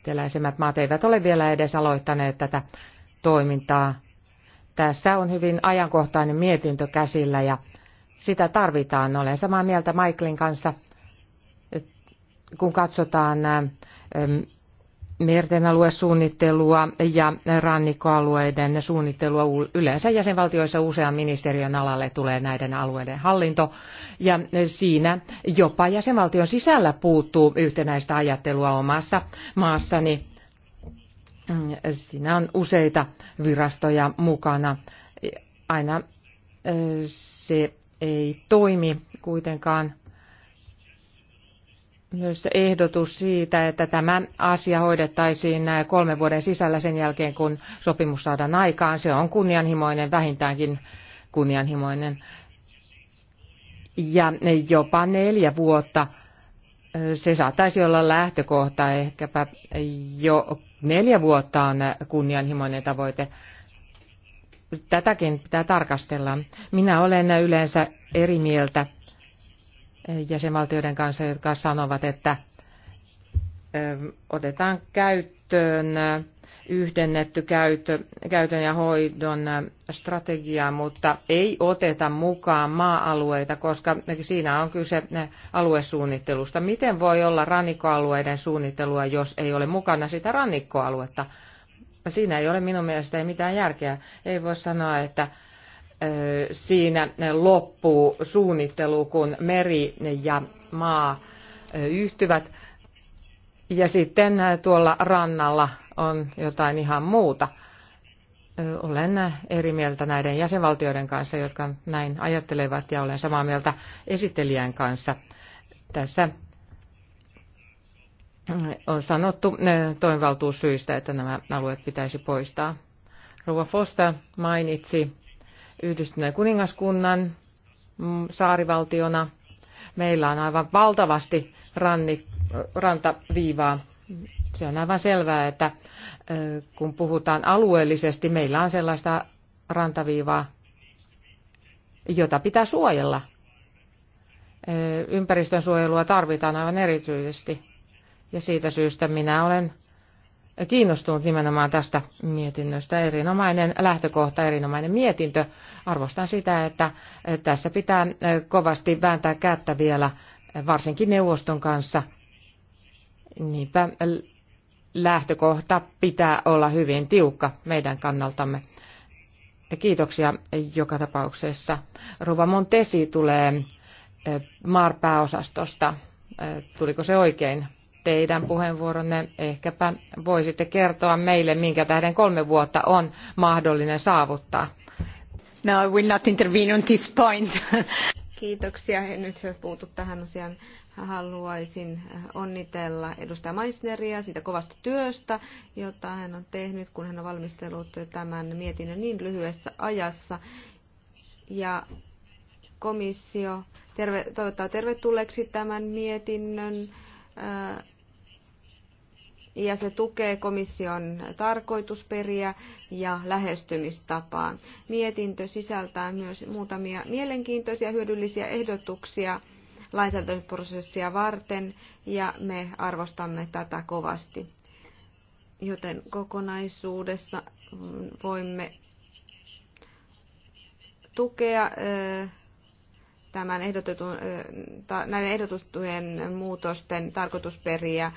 eteläisemmät maat eivät ole vielä edes aloittaneet tätä toimintaa. Tässä on hyvin ajankohtainen mietintö käsillä ja sitä tarvitaan. Olen samaa mieltä Michaelin kanssa, kun katsotaan ähm, merten aluesuunnittelua ja rannikkoalueiden suunnittelua. Yleensä jäsenvaltioissa usean ministeriön alalle tulee näiden alueiden hallinto ja siinä jopa jäsenvaltion sisällä puuttuu yhtenäistä ajattelua omassa maassani. Mm, siinä on useita virastoja mukana. Aina se ei toimi kuitenkaan myös ehdotus siitä, että tämä asia hoidettaisiin kolmen vuoden sisällä sen jälkeen, kun sopimus saadaan aikaan. Se on kunnianhimoinen, vähintäänkin kunnianhimoinen. Ja jopa neljä vuotta se saattaisi olla lähtökohta, ehkäpä jo neljä vuotta on kunnianhimoinen tavoite. Tätäkin pitää tarkastella. Minä olen yleensä eri mieltä jäsenvaltioiden kanssa, jotka sanovat, että otetaan käyttöön yhdennetty käyttö- käytön ja hoidon strategia, mutta ei oteta mukaan maa-alueita, koska siinä on kyse aluesuunnittelusta. Miten voi olla rannikkoalueiden suunnittelua, jos ei ole mukana sitä rannikkoaluetta? Siinä ei ole minun mielestäni mitään järkeä. Ei voi sanoa, että siinä loppuu suunnittelu, kun meri ja maa yhtyvät. Ja sitten tuolla rannalla on jotain ihan muuta. Olen eri mieltä näiden jäsenvaltioiden kanssa, jotka näin ajattelevat, ja olen samaa mieltä esittelijän kanssa. Tässä on sanottu toimivaltuussyistä, että nämä alueet pitäisi poistaa. Rouva Foster mainitsi yhdistyneen kuningaskunnan mm, saarivaltiona. Meillä on aivan valtavasti ranni, rantaviivaa. Se on aivan selvää, että kun puhutaan alueellisesti, meillä on sellaista rantaviivaa, jota pitää suojella. Ympäristönsuojelua tarvitaan aivan erityisesti. Ja siitä syystä minä olen kiinnostunut nimenomaan tästä mietinnöstä. Erinomainen lähtökohta, erinomainen mietintö. Arvostan sitä, että tässä pitää kovasti vääntää kättä vielä, varsinkin neuvoston kanssa. Niinpä lähtökohta pitää olla hyvin tiukka meidän kannaltamme. Kiitoksia joka tapauksessa. Ruva Montesi tulee maarpääosastosta. Tuliko se oikein? teidän puheenvuoronne. Ehkäpä voisitte kertoa meille, minkä tähden kolme vuotta on mahdollinen saavuttaa. No, I will not intervene on this point. Kiitoksia. En nyt puutu tähän asiaan. Haluaisin onnitella edustaja Meissneria siitä kovasta työstä, jota hän on tehnyt, kun hän on valmistellut tämän mietinnön niin lyhyessä ajassa. Ja komissio terve, toivottaa tervetulleeksi tämän mietinnön. Äh, ja se tukee komission tarkoitusperiä ja lähestymistapaa. Mietintö sisältää myös muutamia mielenkiintoisia hyödyllisiä ehdotuksia lainsäädäntöprosessia varten ja me arvostamme tätä kovasti. Joten kokonaisuudessa voimme tukea tämän ehdotetun, näiden ehdotettujen muutosten tarkoitusperiä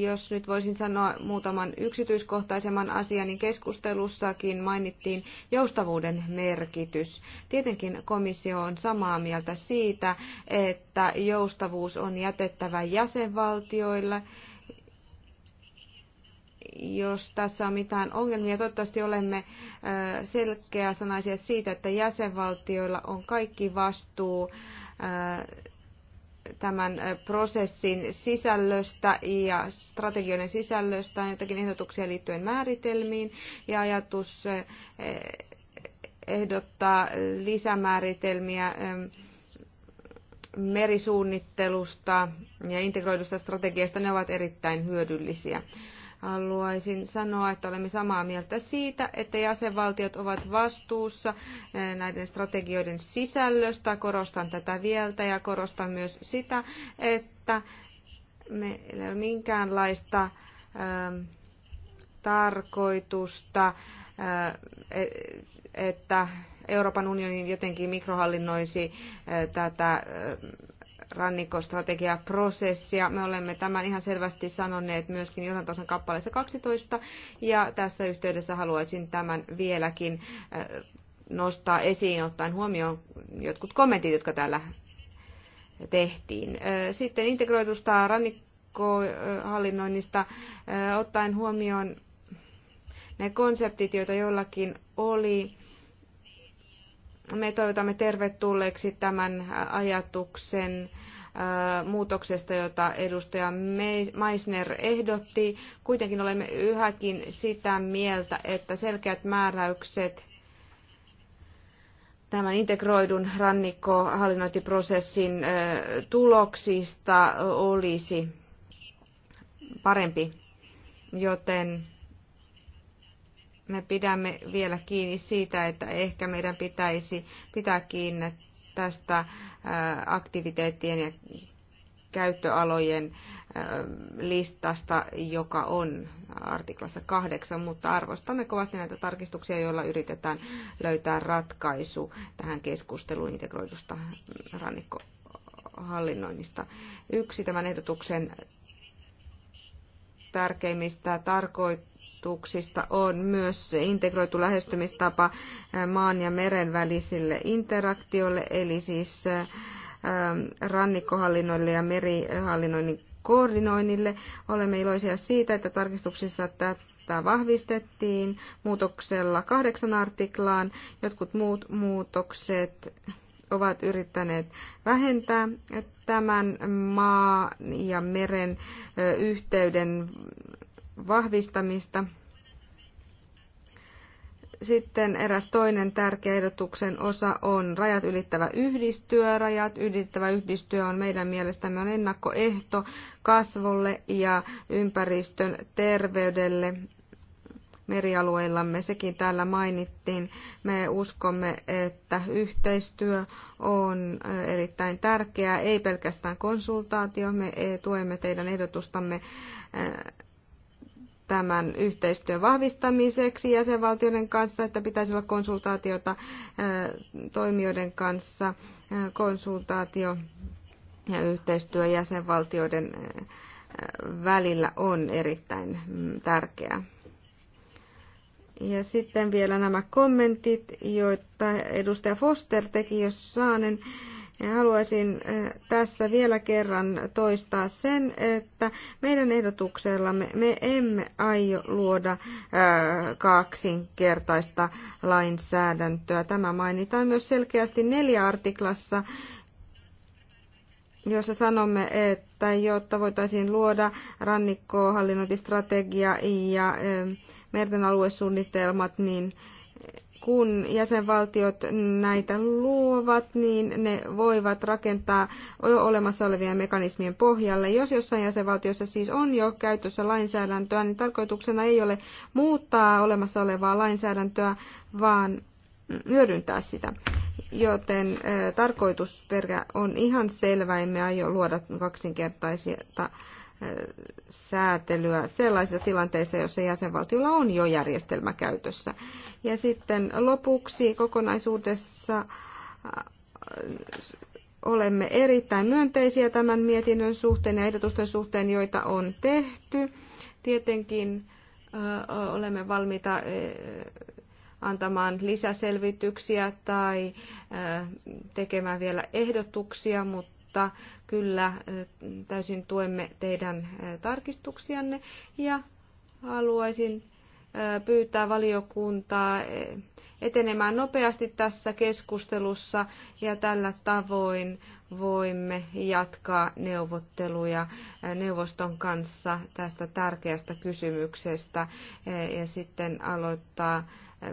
jos nyt voisin sanoa muutaman yksityiskohtaisemman asian, niin keskustelussakin mainittiin joustavuuden merkitys. Tietenkin komissio on samaa mieltä siitä, että joustavuus on jätettävä jäsenvaltioille jos tässä on mitään ongelmia. Toivottavasti olemme selkeä sanaisia siitä, että jäsenvaltioilla on kaikki vastuu tämän prosessin sisällöstä ja strategioiden sisällöstä, jotakin ehdotuksia liittyen määritelmiin ja ajatus ehdottaa lisämääritelmiä merisuunnittelusta ja integroidusta strategiasta, ne ovat erittäin hyödyllisiä. Haluaisin sanoa, että olemme samaa mieltä siitä, että jäsenvaltiot ovat vastuussa eh, näiden strategioiden sisällöstä. Korostan tätä vielä ja korostan myös sitä, että meillä ei ole minkäänlaista ehm, tarkoitusta, eh, e-, että Euroopan unioni jotenkin mikrohallinnoisi eh, tätä ehm, rannikkostrategiaprosessia. Me olemme tämän ihan selvästi sanoneet myöskin Josantosan kappaleessa 12 ja tässä yhteydessä haluaisin tämän vieläkin äh, nostaa esiin ottaen huomioon jotkut kommentit, jotka täällä tehtiin. Äh, sitten integroidusta rannikkohallinnoinnista äh, ottaen huomioon ne konseptit, joita jollakin oli me toivotamme tervetulleeksi tämän ajatuksen muutoksesta, jota edustaja Meisner ehdotti. Kuitenkin olemme yhäkin sitä mieltä, että selkeät määräykset tämän integroidun rannikkohallinnointiprosessin tuloksista olisi parempi, joten me pidämme vielä kiinni siitä, että ehkä meidän pitäisi pitää kiinni tästä äh, aktiviteettien ja käyttöalojen äh, listasta, joka on artiklassa kahdeksan, mutta arvostamme kovasti näitä tarkistuksia, joilla yritetään löytää ratkaisu tähän keskusteluun integroidusta rannikkohallinnoinnista. Yksi tämän ehdotuksen tärkeimmistä tarkoit ehdotuksista on myös integroitu lähestymistapa maan ja meren välisille interaktioille, eli siis rannikkohallinnoille ja merihallinnoinnin koordinoinnille. Olemme iloisia siitä, että tarkistuksissa tätä vahvistettiin muutoksella kahdeksan artiklaan. Jotkut muut muutokset ovat yrittäneet vähentää tämän maan ja meren yhteyden vahvistamista. Sitten eräs toinen tärkeä ehdotuksen osa on rajat ylittävä yhdistyö. Rajat ylittävä yhdistyö on meidän mielestämme on ennakkoehto kasvolle ja ympäristön terveydelle merialueillamme. Sekin täällä mainittiin. Me uskomme, että yhteistyö on äh, erittäin tärkeää, ei pelkästään konsultaatio. Me eh, tuemme teidän ehdotustamme äh, tämän yhteistyön vahvistamiseksi jäsenvaltioiden kanssa, että pitäisi olla konsultaatiota äh, toimijoiden kanssa, äh, konsultaatio ja yhteistyö jäsenvaltioiden äh, välillä on erittäin mm, tärkeää. Ja sitten vielä nämä kommentit, joita edustaja Foster teki, jos saanen. Niin Haluaisin tässä vielä kerran toistaa sen, että meidän ehdotuksellamme me emme aio luoda kaksinkertaista lainsäädäntöä. Tämä mainitaan myös selkeästi neljä artiklassa, jossa sanomme, että jotta voitaisiin luoda rannikkohallinnointistrategia ja merten aluesuunnitelmat, niin kun jäsenvaltiot näitä luovat, niin ne voivat rakentaa jo olemassa olevien mekanismien pohjalle. Jos jossain jäsenvaltiossa siis on jo käytössä lainsäädäntöä, niin tarkoituksena ei ole muuttaa olemassa olevaa lainsäädäntöä, vaan hyödyntää sitä. Joten eh, tarkoitusperä on ihan selvä, emme aio luoda kaksinkertaisia säätelyä sellaisissa tilanteissa, joissa jäsenvaltiolla on jo järjestelmä käytössä. Ja sitten lopuksi kokonaisuudessa olemme erittäin myönteisiä tämän mietinnön suhteen ja ehdotusten suhteen, joita on tehty. Tietenkin olemme valmiita antamaan lisäselvityksiä tai tekemään vielä ehdotuksia, mutta mutta kyllä äh, täysin tuemme teidän äh, tarkistuksianne ja haluaisin äh, pyytää valiokuntaa etenemään nopeasti tässä keskustelussa ja tällä tavoin voimme jatkaa neuvotteluja neuvoston kanssa tästä tärkeästä kysymyksestä ja sitten aloittaa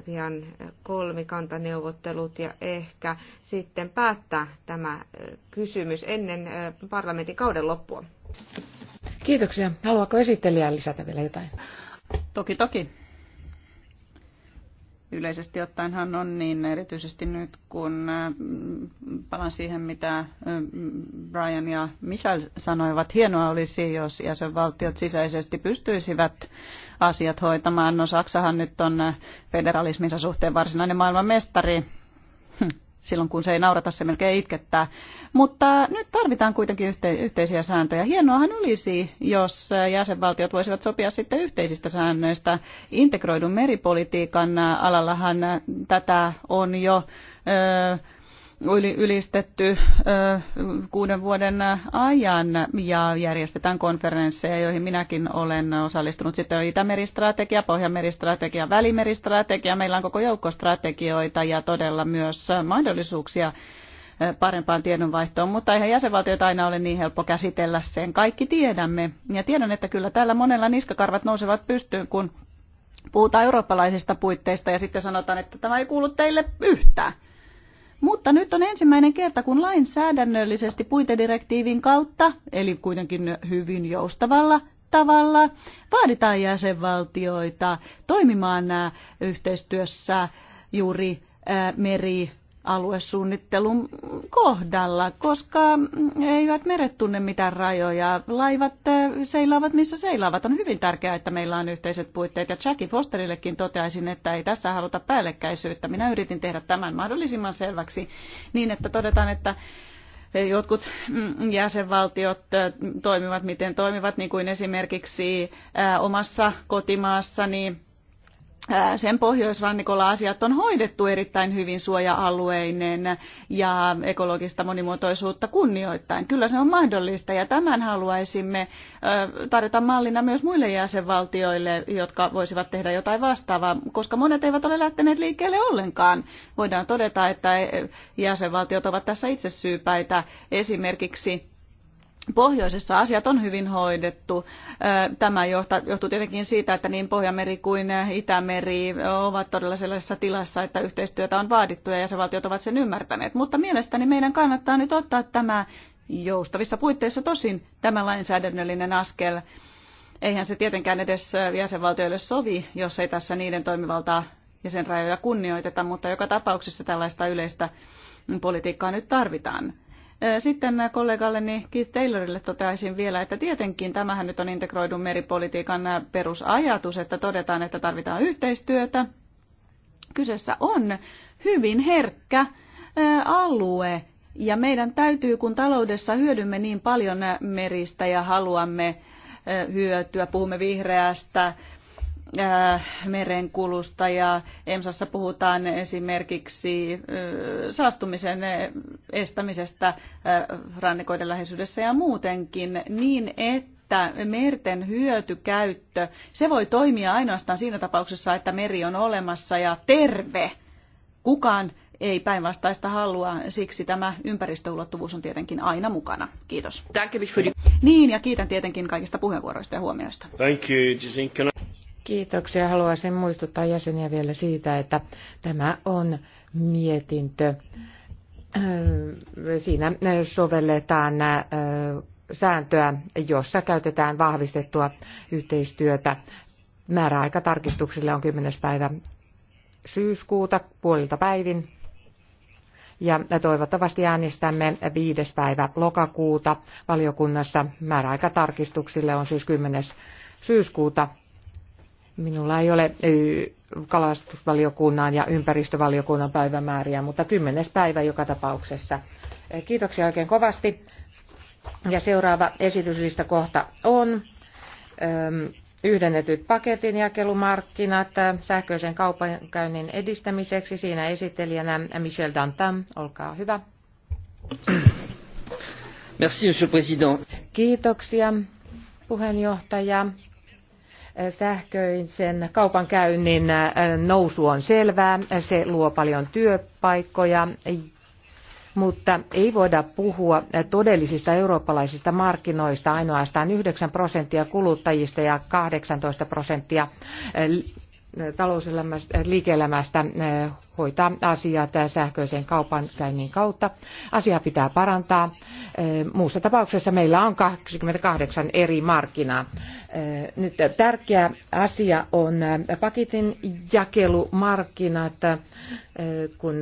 pian kolmikantaneuvottelut ja ehkä sitten päättää tämä äh, kysymys ennen äh, parlamentin kauden loppua. Kiitoksia. Haluaako esittelijä lisätä vielä jotain? Toki, toki yleisesti ottaenhan on niin, erityisesti nyt kun mm, palaan siihen, mitä mm, Brian ja Michel sanoivat, hienoa olisi, jos jäsenvaltiot sisäisesti pystyisivät asiat hoitamaan. No Saksahan nyt on äh, federalisminsa suhteen varsinainen maailmanmestari, silloin, kun se ei naurata, se melkein itkettää. Mutta nyt tarvitaan kuitenkin yhte, yhteisiä sääntöjä. Hienoahan olisi, jos jäsenvaltiot voisivat sopia sitten yhteisistä säännöistä. Integroidun meripolitiikan alallahan tätä on jo... Öö, ylistetty kuuden vuoden ajan ja järjestetään konferensseja, joihin minäkin olen osallistunut. Sitten on Itämeristrategia, Pohjanmeristrategia, Välimeristrategia. Meillä on koko joukko strategioita ja todella myös mahdollisuuksia parempaan tiedonvaihtoon, mutta eihän jäsenvaltiot aina ole niin helppo käsitellä sen. Kaikki tiedämme. Ja tiedän, että kyllä täällä monella niskakarvat nousevat pystyyn, kun puhutaan eurooppalaisista puitteista ja sitten sanotaan, että tämä ei kuulu teille yhtään. Mutta nyt on ensimmäinen kerta, kun lainsäädännöllisesti puitedirektiivin kautta, eli kuitenkin hyvin joustavalla tavalla, vaaditaan jäsenvaltioita toimimaan äh, yhteistyössä juuri äh, meri- aluesuunnittelun kohdalla, koska eivät meret tunne mitään rajoja. Laivat eh, seilaavat missä seilaavat. On hyvin tärkeää, että meillä on yhteiset puitteet. Ja Jackie Fosterillekin toteaisin, että ei tässä haluta päällekkäisyyttä. Minä yritin tehdä tämän mahdollisimman selväksi niin, että todetaan, että jotkut mm, jäsenvaltiot eh, toimivat miten toimivat, niin kuin esimerkiksi eh, omassa kotimaassani niin sen pohjoisrannikolla asiat on hoidettu erittäin hyvin suoja alueineen ja ekologista monimuotoisuutta kunnioittain. Kyllä se on mahdollista ja tämän haluaisimme tarjota mallina myös muille jäsenvaltioille, jotka voisivat tehdä jotain vastaavaa, koska monet eivät ole lähteneet liikkeelle ollenkaan. Voidaan todeta, että e, jäsenvaltiot ovat tässä itse syypäitä esimerkiksi Pohjoisessa asiat on hyvin hoidettu. Tämä johtuu tietenkin siitä, että niin Pohjanmeri kuin Itämeri ovat todella sellaisessa tilassa, että yhteistyötä on vaadittu ja jäsenvaltiot ovat sen ymmärtäneet. Mutta mielestäni meidän kannattaa nyt ottaa tämä joustavissa puitteissa tosin tämä lainsäädännöllinen askel. Eihän se tietenkään edes jäsenvaltioille sovi, jos ei tässä niiden toimivaltaa ja sen rajoja kunnioiteta, mutta joka tapauksessa tällaista yleistä politiikkaa nyt tarvitaan. Sitten kollegalleni Keith Taylorille toteaisin vielä, että tietenkin tämähän nyt on integroidun meripolitiikan perusajatus, että todetaan, että tarvitaan yhteistyötä. Kyseessä on hyvin herkkä alue ja meidän täytyy, kun taloudessa hyödymme niin paljon meristä ja haluamme hyötyä, puhumme vihreästä Äh, merenkulusta ja EMSassa puhutaan esimerkiksi äh, saastumisen estämisestä äh, rannikoiden läheisyydessä ja muutenkin niin, että merten hyötykäyttö, se voi toimia ainoastaan siinä tapauksessa, että meri on olemassa ja terve. Kukaan ei päinvastaista halua, siksi tämä ympäristöulottuvuus on tietenkin aina mukana. Kiitos. Niin, ja kiitän tietenkin kaikista puheenvuoroista ja huomioista. Thank you, Kiitoksia. Haluaisin muistuttaa jäseniä vielä siitä, että tämä on mietintö. Äh, siinä sovelletaan äh, sääntöä, jossa käytetään vahvistettua yhteistyötä. Määräaika tarkistuksille on 10. päivä syyskuuta puolilta päivin. Ja toivottavasti äänestämme 5. päivä lokakuuta valiokunnassa. Määräaika tarkistuksille on siis 10. syyskuuta Minulla ei ole kalastusvaliokunnan ja ympäristövaliokunnan päivämääriä, mutta kymmenes päivä joka tapauksessa. Eh, kiitoksia oikein kovasti. Ja seuraava kohta on ehm, yhdennetyt paketin jakelumarkkinat eh, sähköisen kaupankäynnin edistämiseksi. Siinä esittelijänä Michel Dantin, olkaa hyvä. Merci, monsieur le président. Kiitoksia puheenjohtaja. Sähköisen kaupankäynnin nousu on selvää, se luo paljon työpaikkoja, mutta ei voida puhua todellisista eurooppalaisista markkinoista. Ainoastaan 9 prosenttia kuluttajista ja 18 prosenttia talouselämästä, liike-elämästä eh, hoitaa asiat sähköisen kaupankäynnin kautta. Asiaa pitää parantaa. Eh, muussa tapauksessa meillä on 28 eri markkinaa. Eh, nyt tärkeä asia on paketin jakelumarkkinat, kun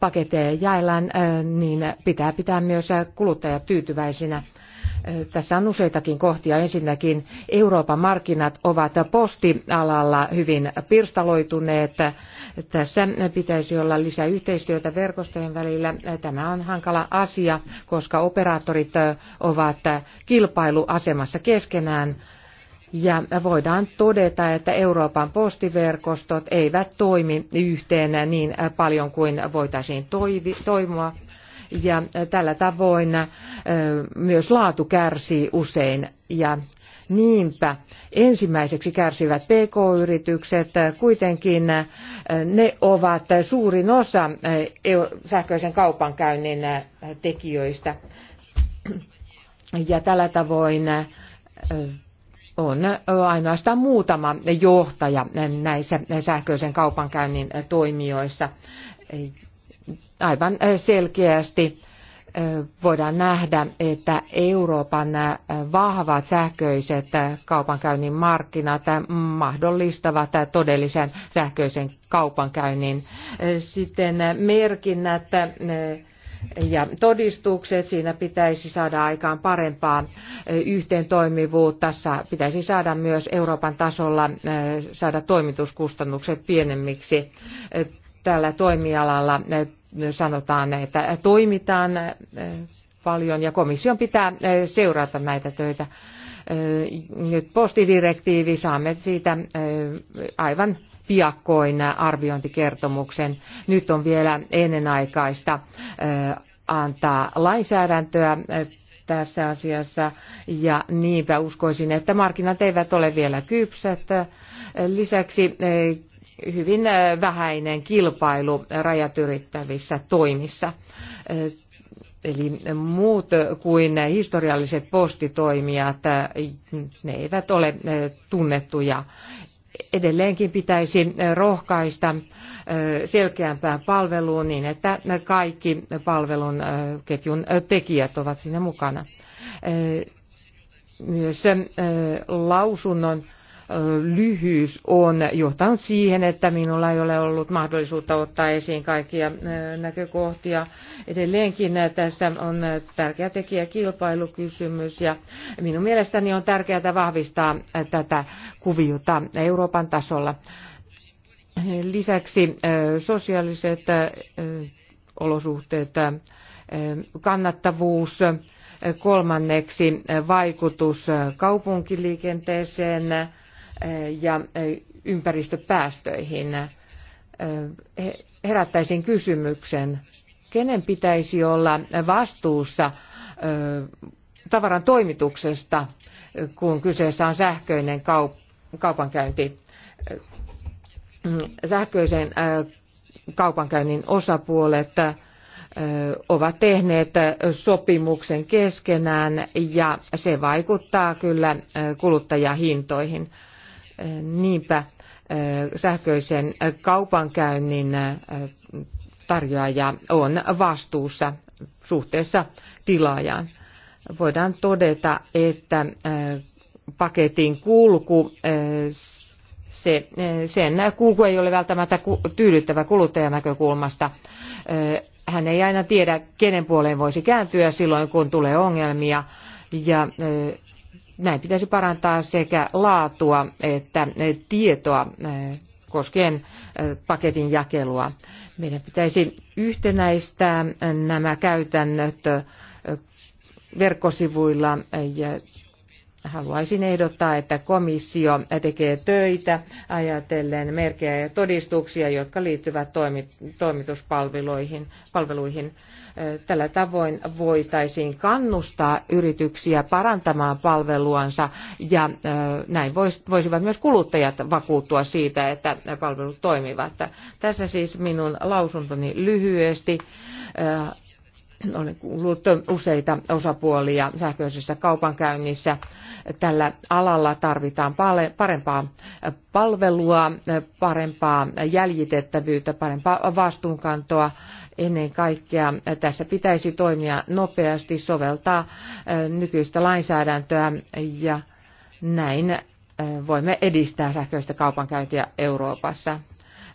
paketteja jaellaan, niin pitää pitää myös kuluttajat tyytyväisinä tässä on useitakin kohtia. Ensinnäkin Euroopan markkinat ovat postialalla hyvin pirstaloituneet. Tässä pitäisi olla lisää yhteistyötä verkostojen välillä. Tämä on hankala asia, koska operaattorit ovat kilpailuasemassa keskenään. Ja voidaan todeta, että Euroopan postiverkostot eivät toimi yhteen niin paljon kuin voitaisiin toivi, toivoa ja tällä tavoin myös laatu kärsii usein ja Niinpä ensimmäiseksi kärsivät pk-yritykset, kuitenkin ne ovat suurin osa sähköisen kaupankäynnin tekijöistä. Ja tällä tavoin on ainoastaan muutama johtaja näissä sähköisen kaupankäynnin toimijoissa aivan äh, selkeästi äh, voidaan nähdä, että Euroopan äh, vahvat sähköiset kaupankäynnin markkinat mahdollistavat todellisen sähköisen kaupankäynnin. Sitten merkinnät ja todistukset, siinä pitäisi saada aikaan parempaa yhteentoimivuutta. Tässä pitäisi saada myös Euroopan tasolla saada toimituskustannukset pienemmiksi tällä toimialalla sanotaan, että toimitaan eh, paljon ja komission pitää eh, seurata näitä töitä. Eh, nyt postidirektiivi saamme siitä aivan piakkoin arviointikertomuksen. Nyt on vielä ennenaikaista antaa lainsäädäntöä tässä asiassa ja niinpä uskoisin, että markkinat eivät ole vielä kypsät. Lisäksi hyvin äh, vähäinen kilpailu rajat yrittävissä toimissa. Äh, eli muut kuin historialliset postitoimijat, äh, ne eivät ole tunnettuja. Edelleenkin pitäisi rohkaista selkeämpään palveluun niin, että kaikki palvelun ketjun tekijät ovat siinä mukana. Myös lausunnon lyhyys on johtanut siihen, että minulla ei ole ollut mahdollisuutta ottaa esiin kaikkia näkökohtia. Edelleenkin tässä on tärkeä tekijä kilpailukysymys ja minun mielestäni on tärkeää vahvistaa tätä kuviota Euroopan tasolla. Lisäksi sosiaaliset olosuhteet, kannattavuus, kolmanneksi vaikutus kaupunkiliikenteeseen, Eh, ja eh, ympäristöpäästöihin. Eh, herättäisin kysymyksen, kenen pitäisi olla vastuussa tavaran toimituksesta, kun kyseessä on sähköinen kaupankäynti. Sähköisen kaupankäynnin osapuolet ovat tehneet sopimuksen keskenään ja se vaikuttaa kyllä kuluttajahintoihin. Niinpä sähköisen kaupankäynnin tarjoaja on vastuussa suhteessa tilaajaan. Voidaan todeta, että paketin kulku, se, sen kulku ei ole välttämättä tyydyttävä kuluttajan näkökulmasta. Hän ei aina tiedä, kenen puoleen voisi kääntyä silloin, kun tulee ongelmia. Ja näin pitäisi parantaa sekä laatua että tietoa eh, koskien eh, paketin jakelua. Meidän pitäisi yhtenäistää eh, nämä käytännöt verkkosivuilla ja haluaisin ehdottaa, että komissio tekee töitä ajatellen merkejä ja todistuksia, jotka liittyvät toimituspalveluihin. Tällä tavoin voitaisiin kannustaa yrityksiä parantamaan palveluansa ja näin voisivat myös kuluttajat vakuuttua siitä, että palvelut toimivat. Tässä siis minun lausuntoni lyhyesti olen kuullut useita osapuolia sähköisessä kaupankäynnissä. Tällä alalla tarvitaan parempaa palvelua, parempaa jäljitettävyyttä, parempaa vastuunkantoa. Ennen kaikkea tässä pitäisi toimia nopeasti, soveltaa nykyistä lainsäädäntöä ja näin voimme edistää sähköistä kaupankäyntiä Euroopassa.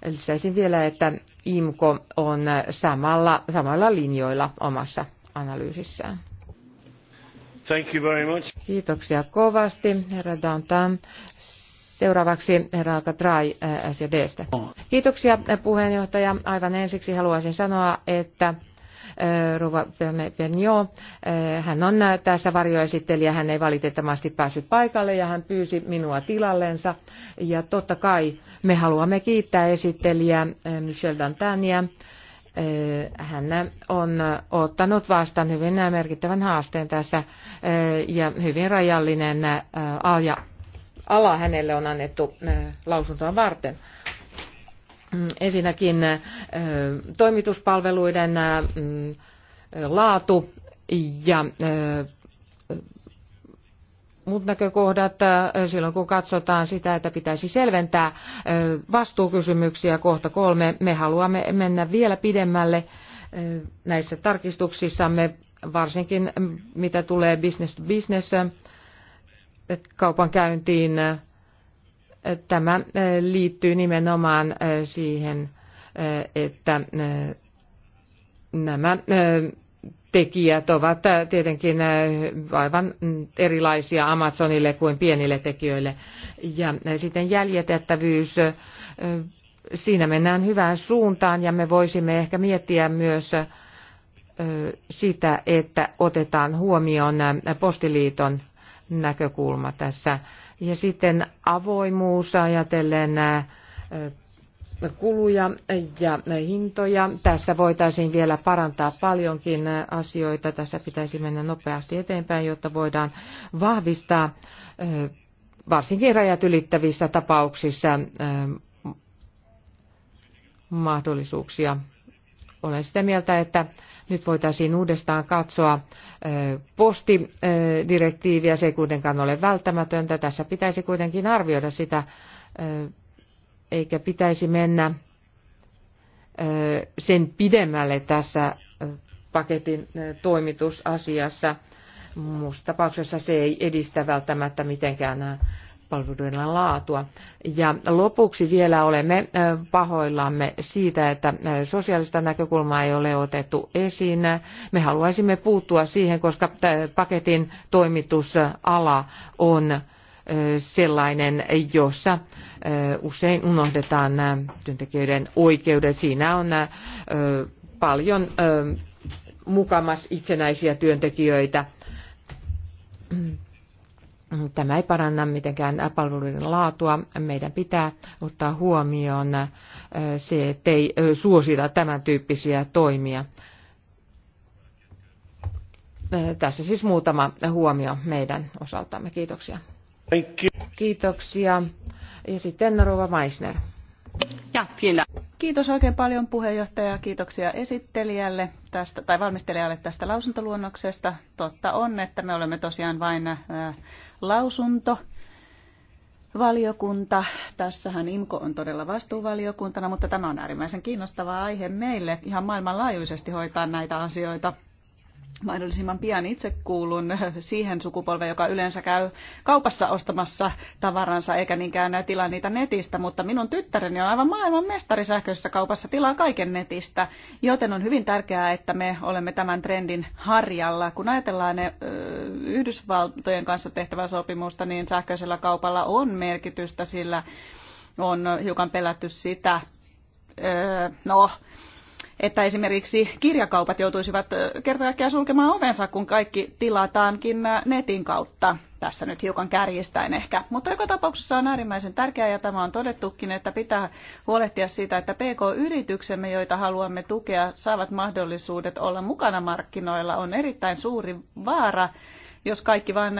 Lisäisin vielä, että IMCO on samalla, samalla linjoilla omassa analyysissään. Thank you very much. Kiitoksia kovasti, herra Dantan. Seuraavaksi herra Katrai eh, SDstä. Oh. Kiitoksia eh, puheenjohtaja. Aivan ensiksi haluaisin sanoa, että Rova Pernio. Hän on tässä varjoesittelijä. Hän ei valitettavasti päässyt paikalle ja hän pyysi minua tilallensa. Ja totta kai me haluamme kiittää esittelijää Michel Dantania. Hän on ottanut vastaan hyvin merkittävän haasteen tässä ja hyvin rajallinen ala hänelle on annettu lausuntoa varten Ensinnäkin toimituspalveluiden laatu ja muut näkökohdat silloin, kun katsotaan sitä, että pitäisi selventää vastuukysymyksiä kohta kolme. Me haluamme mennä vielä pidemmälle näissä tarkistuksissamme, varsinkin mitä tulee business to business kaupankäyntiin Tämä äh, liittyy nimenomaan äh, siihen, äh, että nämä tekijät ovat tietenkin aivan mm, erilaisia Amazonille kuin pienille tekijöille. Ja sitten jäljitettävyys, siinä mennään hyvään suuntaan ja me voisimme ehkä miettiä myös sitä, että otetaan huomioon Postiliiton näkökulma tässä ja sitten avoimuus ajatellen kuluja ja hintoja. Tässä voitaisiin vielä parantaa paljonkin asioita. Tässä pitäisi mennä nopeasti eteenpäin, jotta voidaan vahvistaa varsinkin rajat ylittävissä tapauksissa mahdollisuuksia. Olen sitä mieltä, että nyt voitaisiin uudestaan katsoa postidirektiiviä. Se ei kuitenkaan ole välttämätöntä. Tässä pitäisi kuitenkin arvioida sitä, eikä pitäisi mennä sen pidemmälle tässä paketin toimitusasiassa. Muussa tapauksessa se ei edistä välttämättä mitenkään palveluiden laatua. Ja lopuksi vielä olemme pahoillamme siitä, että sosiaalista näkökulmaa ei ole otettu esiin. Me haluaisimme puuttua siihen, koska paketin toimitusala on sellainen, jossa usein unohdetaan työntekijöiden oikeudet. Siinä on paljon mukamas itsenäisiä työntekijöitä Tämä ei paranna mitenkään palveluiden laatua. Meidän pitää ottaa huomioon se, ettei suosita tämän tyyppisiä toimia. Tässä siis muutama huomio meidän osaltamme. Kiitoksia. Kiitoksia. Ja sitten Rova Meissner. Ja, vielä. Kiitos oikein paljon puheenjohtaja ja kiitoksia esittelijälle tästä, tai valmistelijalle tästä lausuntoluonnoksesta. Totta on, että me olemme tosiaan vain lausuntovaliokunta äh, lausunto. Valiokunta. Tässähän IMKO on todella vastuuvaliokuntana, mutta tämä on äärimmäisen kiinnostava aihe meille ihan maailmanlaajuisesti hoitaa näitä asioita mahdollisimman pian itse kuulun siihen sukupolveen, joka yleensä käy kaupassa ostamassa tavaransa eikä niinkään tilaa niitä netistä, mutta minun tyttäreni on aivan maailman mestari sähköisessä kaupassa, tilaa kaiken netistä, joten on hyvin tärkeää, että me olemme tämän trendin harjalla. Kun ajatellaan ne Yhdysvaltojen kanssa tehtävää sopimusta, niin sähköisellä kaupalla on merkitystä, sillä on hiukan pelätty sitä, no, että esimerkiksi kirjakaupat joutuisivat kertakaikkiaan sulkemaan ovensa, kun kaikki tilataankin netin kautta. Tässä nyt hiukan kärjistäen ehkä, mutta joka tapauksessa on äärimmäisen tärkeää ja tämä on todettukin, että pitää huolehtia siitä, että PK-yrityksemme, joita haluamme tukea, saavat mahdollisuudet olla mukana markkinoilla. On erittäin suuri vaara, jos kaikki vain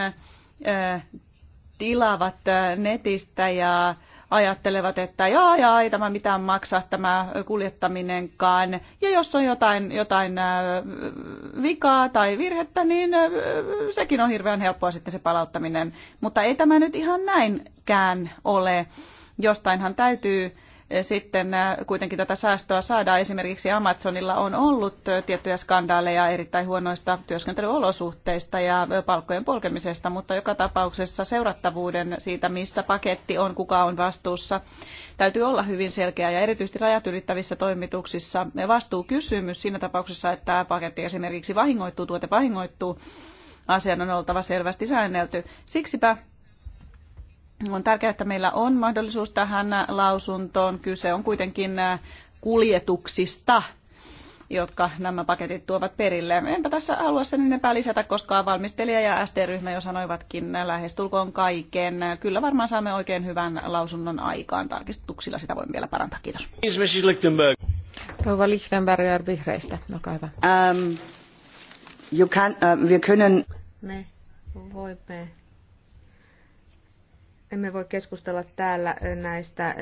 tilaavat netistä ja ajattelevat, että jaa, jaa, ei tämä mitään maksa tämä kuljettaminenkaan. Ja jos on jotain, jotain äh, vikaa tai virhettä, niin äh, sekin on hirveän helppoa sitten se palauttaminen. Mutta ei tämä nyt ihan näinkään ole. Jostainhan täytyy sitten äh, kuitenkin tätä säästöä saadaan. Esimerkiksi Amazonilla on ollut äh, tiettyjä skandaaleja erittäin huonoista työskentelyolosuhteista ja äh, palkkojen polkemisesta, mutta joka tapauksessa seurattavuuden siitä, missä paketti on, kuka on vastuussa, täytyy olla hyvin selkeä ja erityisesti rajat ylittävissä toimituksissa vastuukysymys siinä tapauksessa, että tämä paketti esimerkiksi vahingoittuu, tuote vahingoittuu, asian on oltava selvästi säännelty. Siksipä on tärkeää, että meillä on mahdollisuus tähän lausuntoon. Kyse on kuitenkin kuljetuksista, jotka nämä paketit tuovat perille. Enpä tässä halua sen enempää lisätä, koska valmistelija ja SD-ryhmä jo sanoivatkin lähestulkoon kaiken. Kyllä varmaan saamme oikein hyvän lausunnon aikaan. Tarkistuksilla sitä voi vielä parantaa. Kiitos. Rouva Lichtenberg. vihreistä, olkaa hyvä. Um, you can, uh, können... Me voimme emme voi keskustella täällä näistä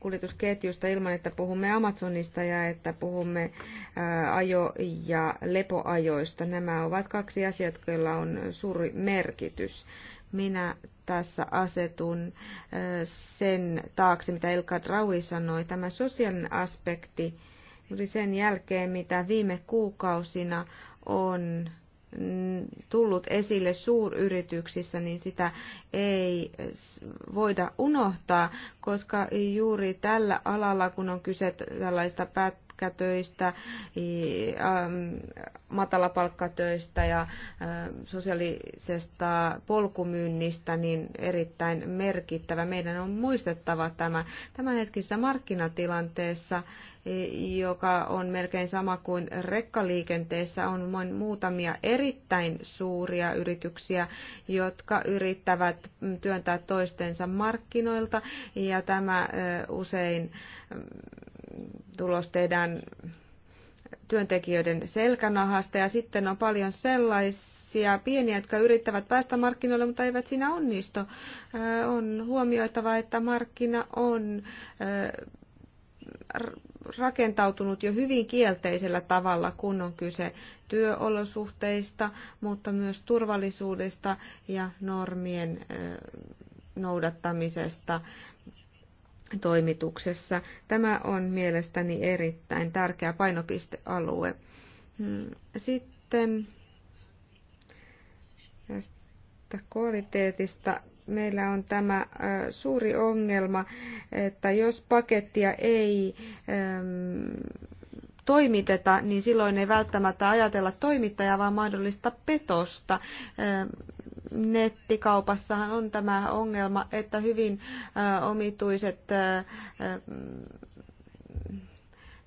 kuljetusketjusta ilman, että puhumme Amazonista ja että puhumme ajo- ja lepoajoista. Nämä ovat kaksi asiaa, joilla on suuri merkitys. Minä tässä asetun sen taakse, mitä Ilka Draui sanoi. Tämä sosiaalinen aspekti juuri sen jälkeen, mitä viime kuukausina on tullut esille suuryrityksissä, niin sitä ei voida unohtaa, koska juuri tällä alalla, kun on kyse tällaista päät- pätkätöistä, matalapalkkatöistä ja sosiaalisesta polkumyynnistä niin erittäin merkittävä. Meidän on muistettava tämä tämänhetkisessä markkinatilanteessa joka on melkein sama kuin rekkaliikenteessä, on vain muutamia erittäin suuria yrityksiä, jotka yrittävät työntää toistensa markkinoilta, ja tämä usein tulos tehdään työntekijöiden selkänahasta ja sitten on paljon sellaisia pieniä, jotka yrittävät päästä markkinoille, mutta eivät siinä onnistu. On huomioitava, että markkina on rakentautunut jo hyvin kielteisellä tavalla, kun on kyse työolosuhteista, mutta myös turvallisuudesta ja normien noudattamisesta toimituksessa. Tämä on mielestäni erittäin tärkeä painopistealue. Hmm, sitten tästä kvaliteetista meillä on tämä suuri ongelma, että jos pakettia ei toimiteta, niin silloin ei välttämättä ajatella toimittajaa, vaan mahdollista petosta. Nettikaupassahan on tämä ongelma, että hyvin omituiset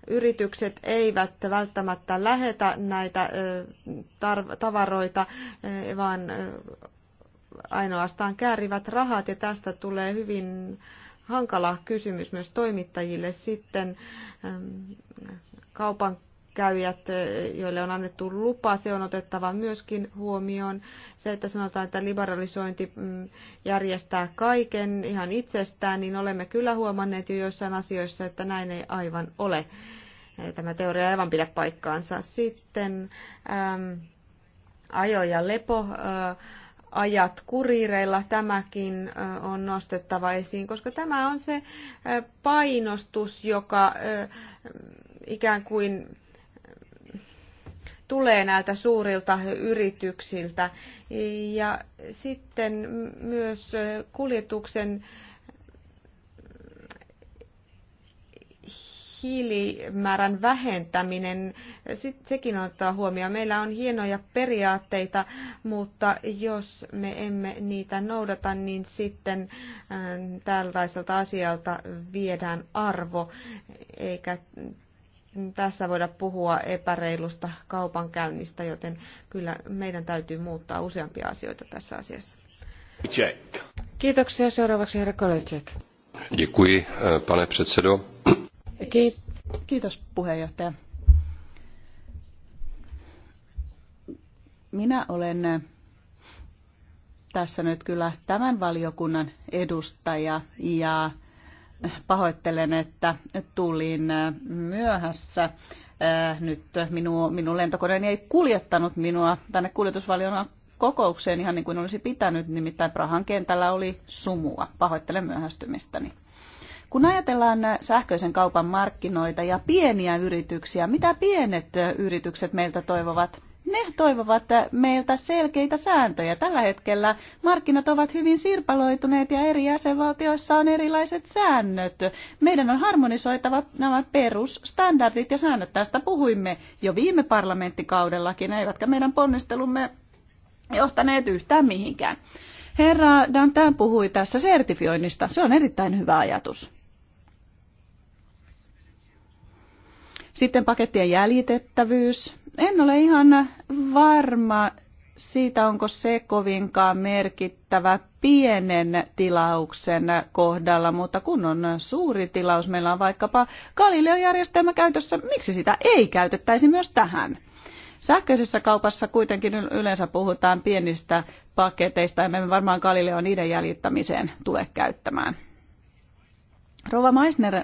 yritykset eivät välttämättä lähetä näitä tavaroita, vaan ainoastaan käärivät rahat ja tästä tulee hyvin hankala kysymys myös toimittajille sitten kaupan käyjät, eh, joille on annettu lupa, se on otettava myöskin huomioon. Se, että sanotaan, että liberalisointi mm, järjestää kaiken ihan itsestään, niin olemme kyllä huomanneet jo joissain asioissa, että näin ei aivan ole. Eh, tämä teoria ei aivan pidä paikkaansa. Sitten äm, ajo- ja lepo. Äh, ajat kuriireilla tämäkin on nostettava esiin, koska tämä on se painostus, joka ikään kuin tulee näiltä suurilta yrityksiltä. Ja sitten myös kuljetuksen hiilimäärän vähentäminen, sekin on ottaa huomioon. Meillä on hienoja periaatteita, mutta jos me emme niitä noudata, niin sitten tällaiselta asialta viedään arvo, eikä tässä voida puhua epäreilusta kaupankäynnistä, joten kyllä meidän täytyy muuttaa useampia asioita tässä asiassa. Check. Kiitoksia. Seuraavaksi herra Kolecek. Děkuji, eh, pane předsedo. Kiitos puheenjohtaja. Minä olen eh, tässä nyt kyllä tämän valiokunnan edustaja ja pahoittelen, että tulin myöhässä. Äh, nyt minu, minun lentokoneeni ei kuljettanut minua tänne kuljetusvaliokunnan kokoukseen ihan niin kuin olisi pitänyt, nimittäin Prahan kentällä oli sumua. Pahoittelen myöhästymistäni. Kun ajatellaan sähköisen kaupan markkinoita ja pieniä yrityksiä, mitä pienet yritykset meiltä toivovat? ne toivovat meiltä selkeitä sääntöjä. Tällä hetkellä markkinat ovat hyvin sirpaloituneet ja eri jäsenvaltioissa on erilaiset säännöt. Meidän on harmonisoitava nämä perusstandardit ja säännöt. Tästä puhuimme jo viime parlamenttikaudellakin, eivätkä meidän ponnistelumme johtaneet yhtään mihinkään. Herra Dantan puhui tässä sertifioinnista. Se on erittäin hyvä ajatus. Sitten pakettien jäljitettävyys. En ole ihan varma siitä, onko se kovinkaan merkittävä pienen tilauksen kohdalla, mutta kun on suuri tilaus, meillä on vaikkapa Galileo-järjestelmä käytössä, miksi sitä ei käytettäisi myös tähän? Sähköisessä kaupassa kuitenkin yleensä puhutaan pienistä paketeista, ja me varmaan Galileo niiden jäljittämiseen tule käyttämään. Rova Meissner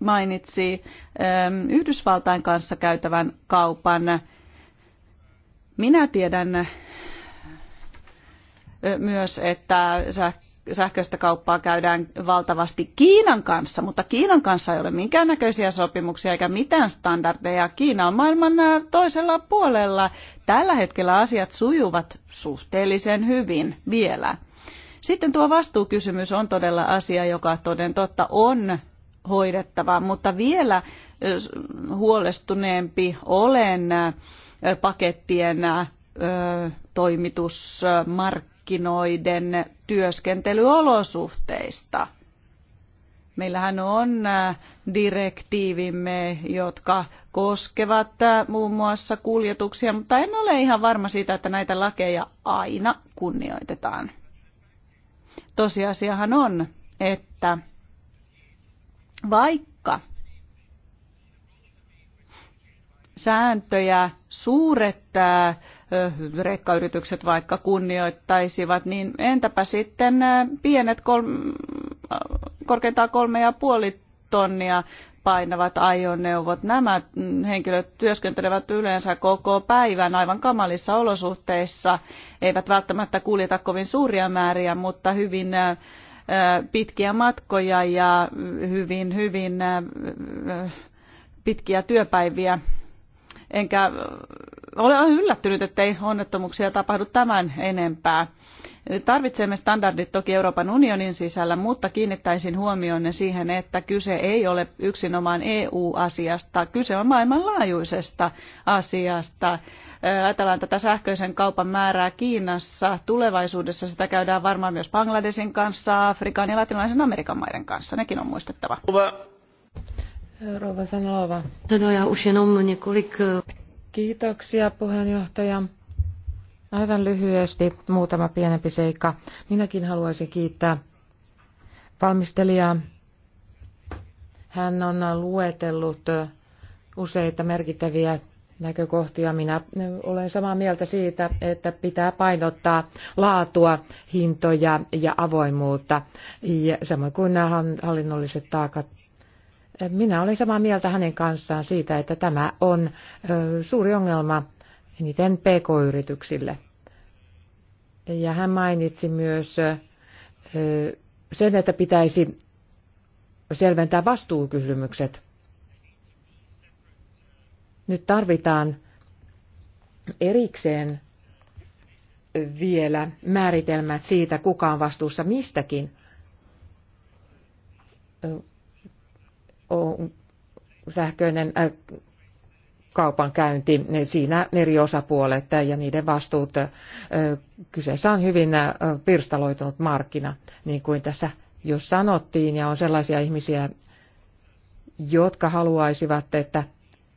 mainitsi ähm, Yhdysvaltain kanssa käytävän kaupan. Minä tiedän äh, myös, että sähköistä kauppaa käydään valtavasti Kiinan kanssa, mutta Kiinan kanssa ei ole minkäännäköisiä sopimuksia eikä mitään standardeja. Kiina on maailman äh, toisella puolella. Tällä hetkellä asiat sujuvat suhteellisen hyvin vielä. Sitten tuo vastuukysymys on todella asia, joka toden totta on hoidettava, mutta vielä huolestuneempi olen pakettien toimitusmarkkinoiden työskentelyolosuhteista. Meillähän on direktiivimme, jotka koskevat muun muassa kuljetuksia, mutta en ole ihan varma siitä, että näitä lakeja aina kunnioitetaan. Tosiasiahan on, että vaikka sääntöjä suuret rekkayritykset vaikka kunnioittaisivat, niin entäpä sitten pienet kolme, korkeintaan kolme ja puoli tonnia painavat ajoneuvot. Nämä mm, henkilöt työskentelevät yleensä koko päivän aivan kamalissa olosuhteissa, eivät välttämättä kuljeta kovin suuria määriä, mutta hyvin pitkiä matkoja ja hyvin, hyvin pitkiä työpäiviä. Enkä ole yllättynyt, ettei onnettomuuksia tapahdu tämän enempää. Tarvitsemme standardit toki Euroopan unionin sisällä, mutta kiinnittäisin huomionne siihen, että kyse ei ole yksinomaan EU-asiasta, kyse on maailmanlaajuisesta asiasta. Ajatellaan tätä sähköisen kaupan määrää Kiinassa. Tulevaisuudessa sitä käydään varmaan myös Bangladesin kanssa, Afrikan ja latinalaisen Amerikan maiden kanssa. Nekin on muistettava. Rova Sanova. Eh, Kiitoksia puheenjohtaja. Aivan lyhyesti muutama pienempi seikka. Minäkin haluaisin kiittää valmistelijaa. Hän on luetellut useita merkittäviä näkökohtia. Minä olen samaa mieltä siitä, että pitää painottaa laatua, hintoja ja avoimuutta, ja samoin kuin nämä hallinnolliset taakat. Minä olen samaa mieltä hänen kanssaan siitä, että tämä on suuri ongelma eniten pk-yrityksille. Ja hän mainitsi myös sen, että pitäisi selventää vastuukysymykset. Nyt tarvitaan erikseen vielä määritelmät siitä, kuka on vastuussa mistäkin. Sähköinen kaupankäynti, siinä eri osapuolet ja niiden vastuut. Kyseessä on hyvin pirstaloitunut markkina, niin kuin tässä jo sanottiin, ja on sellaisia ihmisiä, jotka haluaisivat, että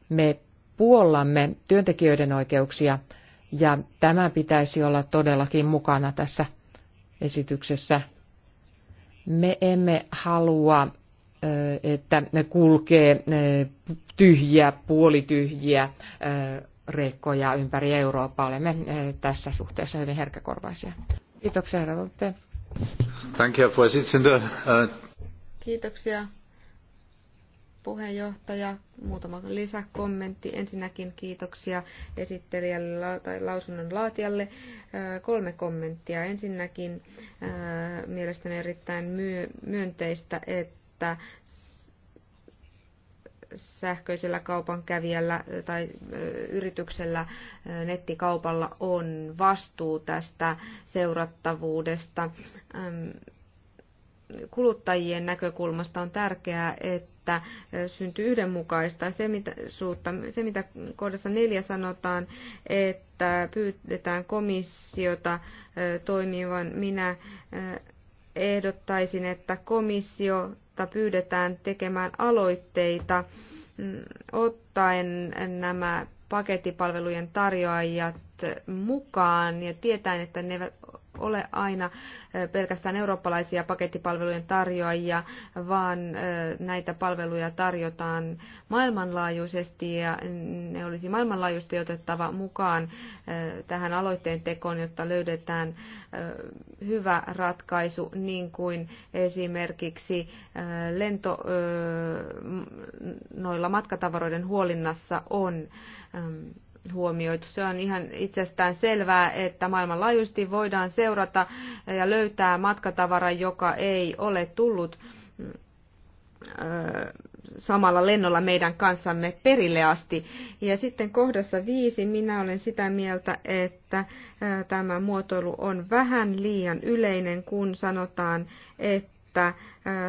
me puollamme työntekijöiden oikeuksia, ja tämä pitäisi olla todellakin mukana tässä esityksessä. Me emme halua että kulkee tyhjiä, puolityhjiä rekkoja ympäri Eurooppaa. Olemme tässä suhteessa hyvin herkäkorvaisia. Kiitoksia, herra Volte. Uh, kiitoksia, puheenjohtaja. Muutama lisäkommentti. Ensinnäkin kiitoksia esittelijälle tai lausunnon laatijalle. Kolme kommenttia. Ensinnäkin mielestäni erittäin myönteistä, että että sähköisellä kaupankävijällä tai yrityksellä nettikaupalla on vastuu tästä seurattavuudesta. Kuluttajien näkökulmasta on tärkeää, että syntyy yhdenmukaista. Se mitä, suutta, se, mitä kohdassa neljä sanotaan, että pyydetään komissiota toimivan, minä ehdottaisin, että komissio kautta pyydetään tekemään aloitteita mm, ottaen nämä pakettipalvelujen tarjoajat mukaan ja tietäen, että ne ole aina pelkästään eurooppalaisia pakettipalvelujen tarjoajia, vaan näitä palveluja tarjotaan maailmanlaajuisesti ja ne olisi maailmanlaajuisesti otettava mukaan tähän aloitteen tekoon, jotta löydetään hyvä ratkaisu, niin kuin esimerkiksi lento noilla matkatavaroiden huolinnassa on huomioitu. Se on ihan itsestään selvää, että maailmanlaajuisesti voidaan seurata ja löytää matkatavara, joka ei ole tullut samalla lennolla meidän kanssamme perille asti. Ja sitten kohdassa viisi minä olen sitä mieltä, että tämä muotoilu on vähän liian yleinen, kun sanotaan, että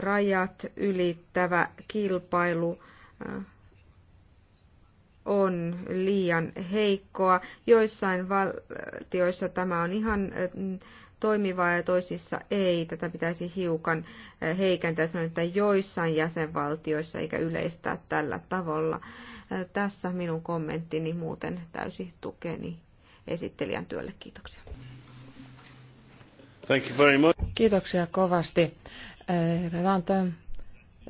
rajat ylittävä kilpailu on liian heikkoa. Joissain valtioissa tämä on ihan eh, toimivaa ja toisissa ei. Tätä pitäisi hiukan eh, heikentää, sanon, että joissain jäsenvaltioissa eikä yleistää tällä tavalla. Eh, tässä minun kommenttini muuten täysi tukeni esittelijän työlle. Kiitoksia. Thank you very much. Kiitoksia kovasti. Eh,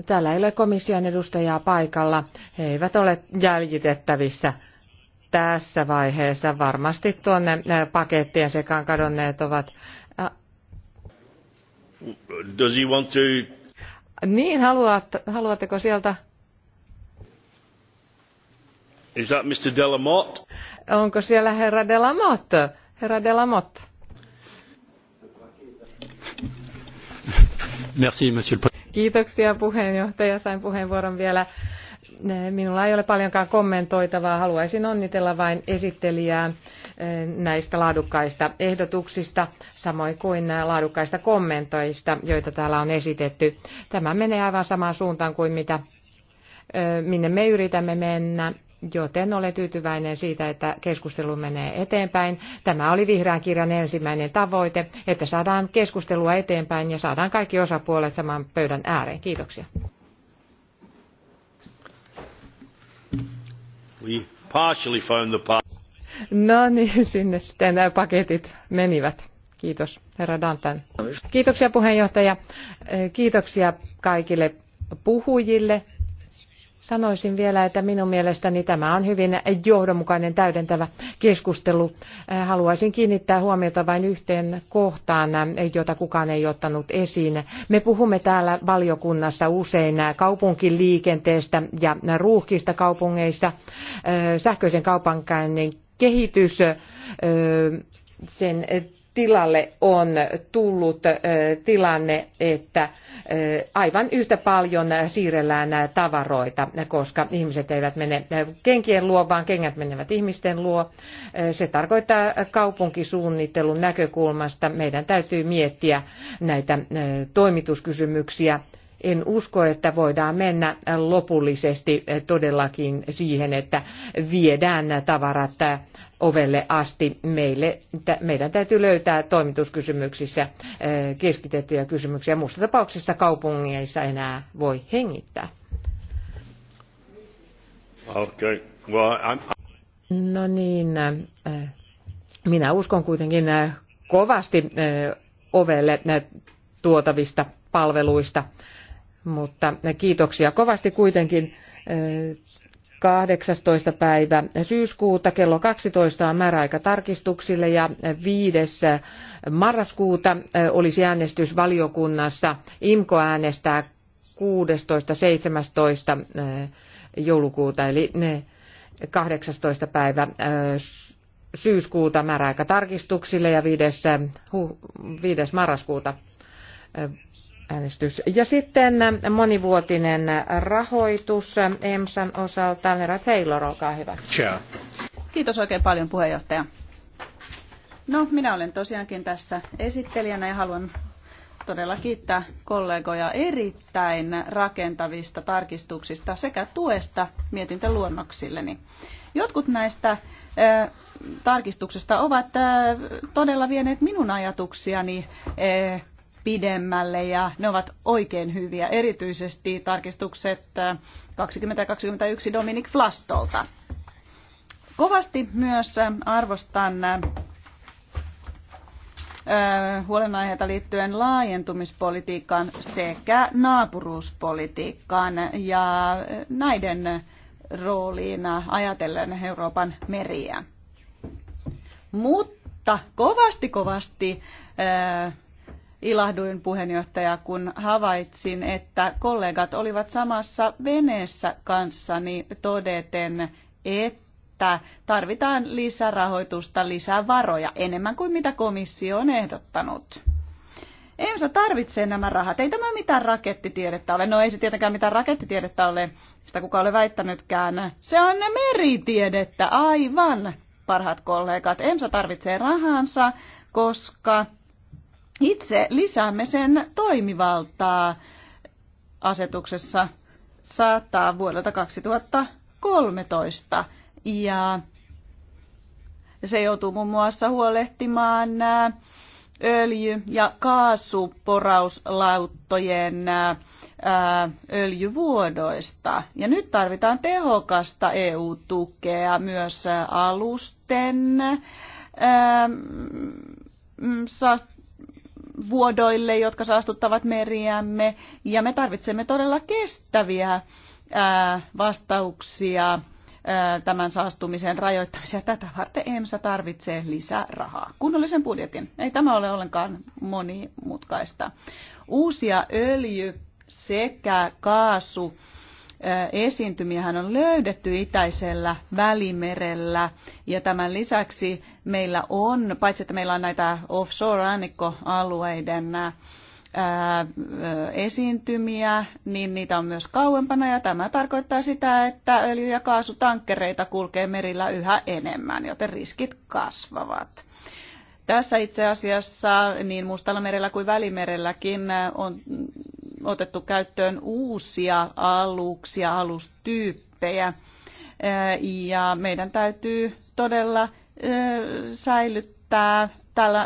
Täällä ei ole komission edustajaa paikalla. He eivät ole jäljitettävissä tässä vaiheessa. Varmasti tuonne pakettien sekaan kadonneet ovat. Does he want to... Niin, haluat, haluatteko sieltä? Is that Mr. Delamotte? Onko siellä herra Delamotte? Herra Delamotte. Merci, monsieur le Kiitoksia puheenjohtaja. Sain puheenvuoron vielä. Minulla ei ole paljonkaan kommentoitavaa. Haluaisin onnitella vain esittelijää eh, näistä laadukkaista ehdotuksista, samoin kuin eh, laadukkaista kommentoista, joita täällä on esitetty. Tämä menee aivan samaan suuntaan kuin mitä, eh, minne me yritämme mennä joten olen tyytyväinen siitä, että keskustelu menee eteenpäin. Tämä oli vihreän kirjan ensimmäinen tavoite, että saadaan keskustelua eteenpäin ja saadaan kaikki osapuolet saman pöydän ääreen. Kiitoksia. We partially found the No niin, sinne sitten nämä paketit menivät. Kiitos, herra Dantan. Kiitoksia puheenjohtaja. Kiitoksia kaikille puhujille Sanoisin vielä, että minun mielestäni tämä on hyvin johdonmukainen täydentävä keskustelu. Äh, haluaisin kiinnittää huomiota vain yhteen kohtaan, äh, jota kukaan ei ottanut esiin. Me puhumme täällä valiokunnassa usein kaupunkiliikenteestä ja ruuhkista kaupungeissa, äh, sähköisen kaupankäynnin kehitys, sen tilalle on tullut tilanne, että aivan yhtä paljon siirrellään tavaroita, koska ihmiset eivät mene kenkien luo, vaan kengät menevät ihmisten luo. Se tarkoittaa kaupunkisuunnittelun näkökulmasta. Meidän täytyy miettiä näitä toimituskysymyksiä en usko, että voidaan mennä lopullisesti todellakin siihen, että viedään tavarat ovelle asti. Meille, meidän täytyy löytää toimituskysymyksissä keskitettyjä kysymyksiä. Muussa tapauksessa kaupungeissa enää voi hengittää. Okay. Well, I'm... No niin, minä uskon kuitenkin kovasti ovelle tuotavista palveluista mutta kiitoksia kovasti kuitenkin. 18. päivä syyskuuta kello 12 on määräaika tarkistuksille ja 5. marraskuuta olisi äänestys valiokunnassa. IMKO äänestää 16.17. joulukuuta eli 18. päivä syyskuuta määräaika tarkistuksille ja 5. 5. marraskuuta äänestys. Ja sitten monivuotinen rahoitus EMSAn osalta. Herra Taylor, olkaa hyvä. Ciao. Kiitos oikein paljon puheenjohtaja. No, minä olen tosiaankin tässä esittelijänä ja haluan todella kiittää kollegoja erittäin rakentavista tarkistuksista sekä tuesta mietintöluonnoksilleni. Jotkut näistä tarkistuksista ovat todella vieneet minun ajatuksiani pidemmälle ja ne ovat oikein hyviä, erityisesti tarkistukset 2021 äh, Dominic Flastolta. Kovasti myös äh, arvostan äh, huolenaiheita liittyen laajentumispolitiikkaan sekä naapuruuspolitiikkaan ja näiden rooliin ajatellen Euroopan meriä. Mutta kovasti kovasti ilahduin puheenjohtaja, kun havaitsin, että kollegat olivat samassa veneessä kanssani todeten, että tarvitaan lisärahoitusta, lisää varoja, enemmän kuin mitä komissio on ehdottanut. EUSA tarvitsee nämä rahat. Ei tämä mitään rakettitiedettä ole. No ei se tietenkään mitään rakettitiedettä ole, sitä kuka ole väittänytkään. Se on meritiedettä, aivan, parhaat kollegat. EMSA tarvitsee rahansa, koska itse lisäämme sen toimivaltaa asetuksessa saattaa vuodelta 2013. Ja se joutuu muun muassa huolehtimaan öljy- ja kaasuporauslauttojen öljyvuodoista. Ja nyt tarvitaan tehokasta EU-tukea myös alusten mm, vuodoille, jotka saastuttavat meriämme. Ja me tarvitsemme todella kestäviä vastauksia tämän saastumisen rajoittamiseen. Tätä varten EMSA tarvitsee lisää rahaa. Kunnollisen budjetin. Ei tämä ole ollenkaan monimutkaista. Uusia öljy sekä kaasu esiintymiähän on löydetty itäisellä välimerellä ja tämän lisäksi meillä on, paitsi että meillä on näitä offshore-rannikkoalueiden esiintymiä, niin niitä on myös kauempana ja tämä tarkoittaa sitä, että öljy- ja kaasutankkereita kulkee merillä yhä enemmän, joten riskit kasvavat. Tässä itse asiassa niin Mustalla merellä kuin Välimerelläkin on otettu käyttöön uusia aluksia, alustyyppejä. Ja meidän täytyy todella säilyttää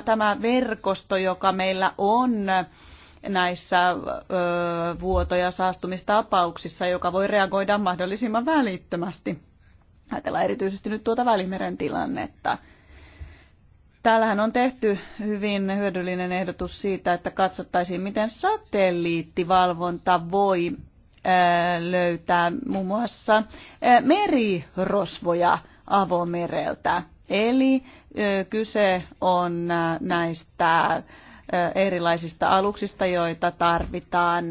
tämä verkosto, joka meillä on näissä vuoto- ja saastumistapauksissa, joka voi reagoida mahdollisimman välittömästi. Ajatellaan erityisesti nyt tuota Välimeren tilannetta. Täällähän on tehty hyvin hyödyllinen ehdotus siitä, että katsottaisiin, miten satelliittivalvonta voi löytää muun muassa merirosvoja avomereltä. Eli kyse on näistä erilaisista aluksista, joita tarvitaan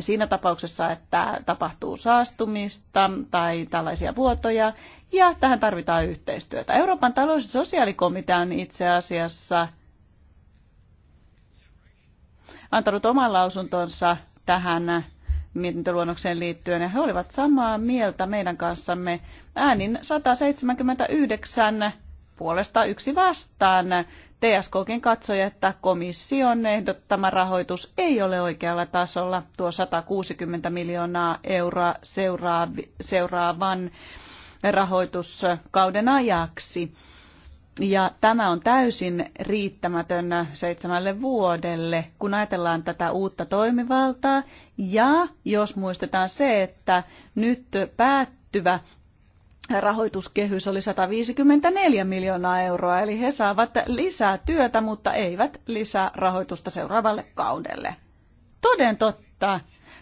siinä tapauksessa, että tapahtuu saastumista tai tällaisia vuotoja ja tähän tarvitaan yhteistyötä. Euroopan talous- ja sosiaalikomitea on itse asiassa antanut oman lausuntonsa tähän mietintöluonnokseen liittyen, ja he olivat samaa mieltä meidän kanssamme äänin 179 puolesta yksi vastaan. TSKkin katsoi, että komission ehdottama rahoitus ei ole oikealla tasolla. Tuo 160 miljoonaa euroa seuraavan rahoituskauden ajaksi. Ja tämä on täysin riittämätön seitsemälle vuodelle, kun ajatellaan tätä uutta toimivaltaa. Ja jos muistetaan se, että nyt päättyvä rahoituskehys oli 154 miljoonaa euroa, eli he saavat lisää työtä, mutta eivät lisää rahoitusta seuraavalle kaudelle. Toden totta,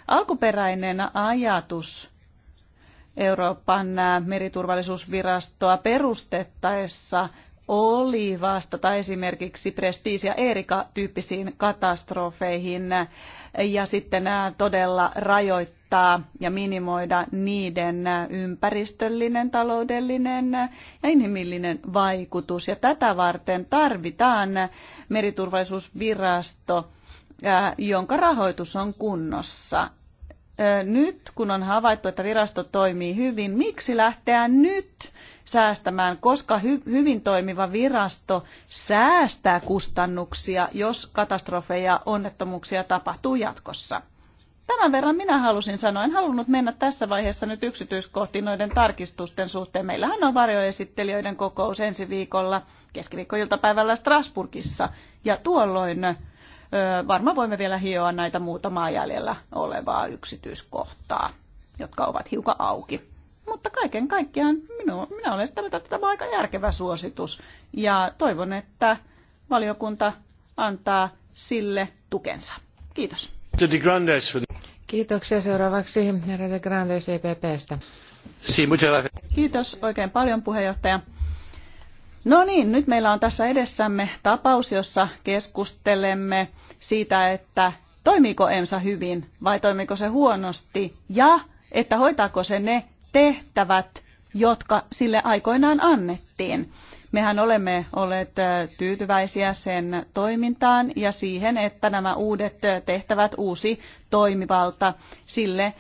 alkuperäinen ajatus Euroopan meriturvallisuusvirastoa perustettaessa oli vastata esimerkiksi prestiisi- ja Erika-tyyppisiin katastrofeihin ja sitten todella rajoittaa ja minimoida niiden ympäristöllinen, taloudellinen ja inhimillinen vaikutus. Ja tätä varten tarvitaan meriturvallisuusvirasto, jonka rahoitus on kunnossa nyt, kun on havaittu, että virasto toimii hyvin, miksi lähteä nyt säästämään, koska hy- hyvin toimiva virasto säästää kustannuksia, jos katastrofeja, onnettomuuksia tapahtuu jatkossa? Tämän verran minä halusin sanoa, en halunnut mennä tässä vaiheessa nyt yksityiskohtiin noiden tarkistusten suhteen. Meillähän on varjoesittelijöiden kokous ensi viikolla keskiviikkoiltapäivällä Strasburgissa ja tuolloin varmaan voimme vielä hioa näitä muutamaa jäljellä olevaa yksityiskohtaa, jotka ovat hiukan auki. Mutta kaiken kaikkiaan minu, minä olen sitä mieltä, että tämä on aika järkevä suositus ja toivon, että valiokunta antaa sille tukensa. Kiitos. Kiitoksia seuraavaksi herra de Grandes EPPstä. Kiitos oikein paljon puheenjohtaja. No niin, nyt meillä on tässä edessämme tapaus, jossa keskustelemme siitä, että toimiiko EMSA hyvin vai toimiiko se huonosti ja että hoitaako se ne tehtävät, jotka sille aikoinaan annettiin. Mehän olemme olleet tyytyväisiä sen toimintaan ja siihen, että nämä uudet tehtävät, uusi toimivalta sille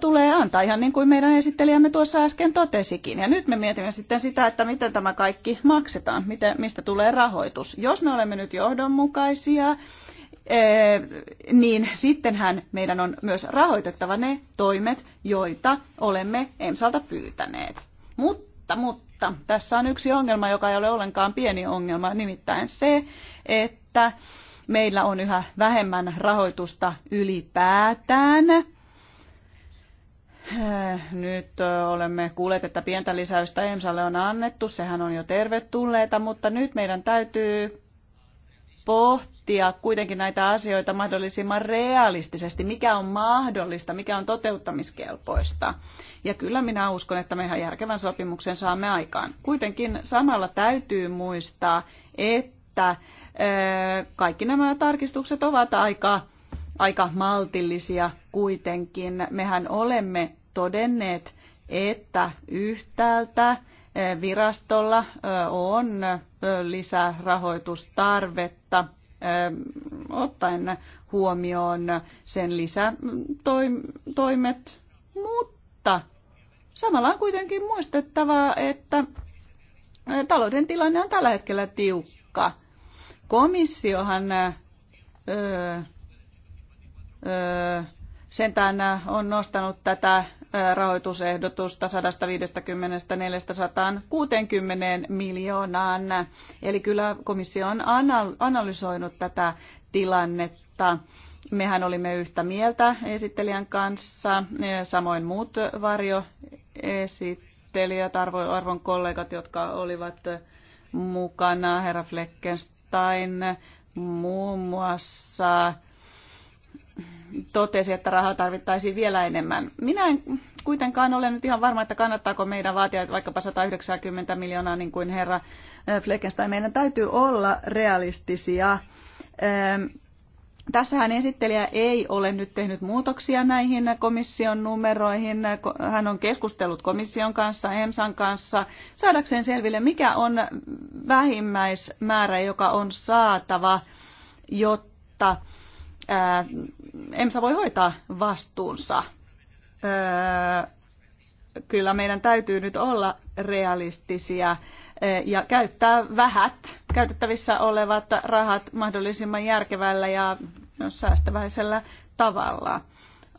tulee antaa, ihan niin kuin meidän esittelijämme tuossa äsken totesikin. Ja nyt me mietimme sitten sitä, että miten tämä kaikki maksetaan, mistä tulee rahoitus. Jos me olemme nyt johdonmukaisia, niin sittenhän meidän on myös rahoitettava ne toimet, joita olemme EMSalta pyytäneet. Mutta mutta, mutta tässä on yksi ongelma, joka ei ole ollenkaan pieni ongelma, nimittäin se, että meillä on yhä vähemmän rahoitusta ylipäätään. Äh, nyt olemme kuulleet, että pientä lisäystä EMSalle on annettu, sehän on jo tervetulleita, mutta nyt meidän täytyy pohtia kuitenkin näitä asioita mahdollisimman realistisesti, mikä on mahdollista, mikä on toteuttamiskelpoista. Ja kyllä minä uskon, että me ihan järkevän sopimuksen saamme aikaan. Kuitenkin samalla täytyy muistaa, että kaikki nämä tarkistukset ovat aika, aika maltillisia kuitenkin. Mehän olemme todenneet, että yhtäältä virastolla on lisärahoitustarvetta ottaen huomioon sen lisätoimet, mutta samalla on kuitenkin muistettava, että talouden tilanne on tällä hetkellä tiukka. Komissiohan öö, öö, sentään äh, on nostanut tätä äh, rahoitusehdotusta 150-460 miljoonaan. Eli kyllä komissio on analysoinut tätä tilannetta. Mehän olimme yhtä mieltä esittelijän kanssa, samoin muut varjoesittelijät, arvon kollegat, jotka olivat mukana, herra Fleckenstein muun muassa totesi, että rahaa tarvittaisiin vielä enemmän. Minä en kuitenkaan ole nyt ihan varma, että kannattaako meidän vaatia vaikkapa 190 miljoonaa, niin kuin herra Fleckenstein. Meidän täytyy olla realistisia. Tässähän esittelijä ei ole nyt tehnyt muutoksia näihin komission numeroihin. Hän on keskustellut komission kanssa, EMSAn kanssa, saadakseen selville, mikä on vähimmäismäärä, joka on saatava, jotta EMSA voi hoitaa vastuunsa. Kyllä meidän täytyy nyt olla realistisia ja käyttää vähät käytettävissä olevat rahat mahdollisimman järkevällä ja no, säästäväisellä tavalla.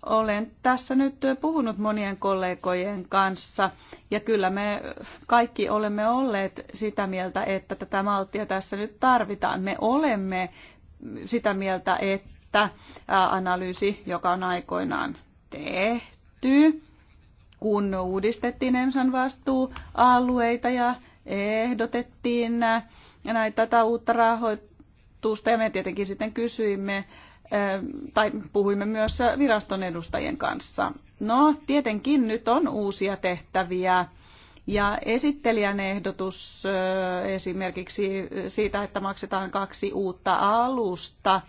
Olen tässä nyt puhunut monien kollegojen kanssa ja kyllä me kaikki olemme olleet sitä mieltä, että tätä malttia tässä nyt tarvitaan. Me olemme sitä mieltä, että että analyysi, joka on aikoinaan tehty, kun uudistettiin EMSAn vastuualueita ja ehdotettiin näitä tätä uutta rahoitusta, ja me tietenkin sitten kysyimme, tai puhuimme myös viraston edustajien kanssa. No, tietenkin nyt on uusia tehtäviä ja esittelijän ehdotus esimerkiksi siitä, että maksetaan kaksi uutta alusta,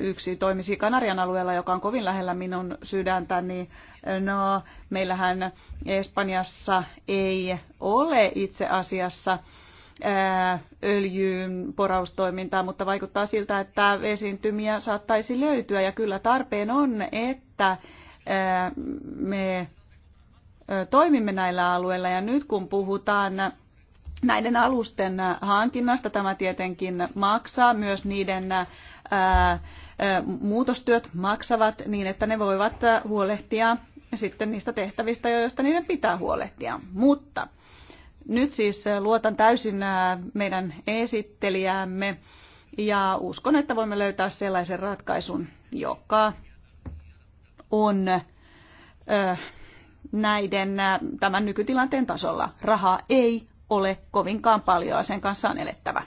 yksi toimisi Kanarian alueella, joka on kovin lähellä minun sydäntäni, no meillähän Espanjassa ei ole itse asiassa öljyyn poraustoimintaa, mutta vaikuttaa siltä, että esiintymiä saattaisi löytyä ja kyllä tarpeen on, että me toimimme näillä alueilla. Ja nyt kun puhutaan näiden alusten hankinnasta, tämä tietenkin maksaa myös niiden muutostyöt maksavat niin, että ne voivat huolehtia sitten niistä tehtävistä, joista niiden pitää huolehtia. Mutta nyt siis luotan täysin meidän esittelijäämme ja uskon, että voimme löytää sellaisen ratkaisun, joka on äh, näiden tämän nykytilanteen tasolla. Rahaa ei ole kovinkaan paljon, sen kanssa on elettävä.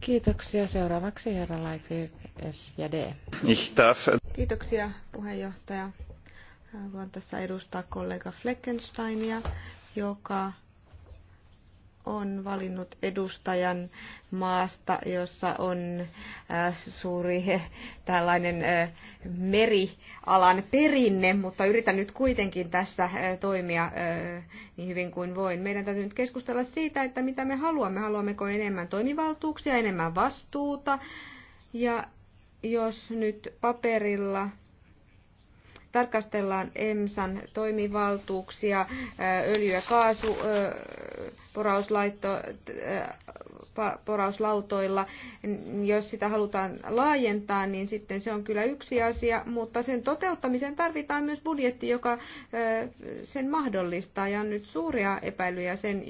Kiitoksia. Seuraavaksi herra Laiky S ja D. Kiitoksia puheenjohtaja. Haluan tässä edustaa kollega Fleckensteinia, joka on valinnut edustajan maasta, jossa on äh, suuri eh, tällainen äh, merialan perinne, mutta yritän nyt kuitenkin tässä äh, toimia niin hyvin kuin voin. Meidän täytyy nyt keskustella siitä, että mitä me haluamme. Haluammeko enemmän toimivaltuuksia, enemmän vastuuta? Ja jos nyt paperilla tarkastellaan EMSAn toimivaltuuksia, öljy- ja kaasuporauslautoilla. Jos sitä halutaan laajentaa, niin sitten se on kyllä yksi asia, mutta sen toteuttamiseen tarvitaan myös budjetti, joka sen mahdollistaa, ja on nyt suuria epäilyjä sen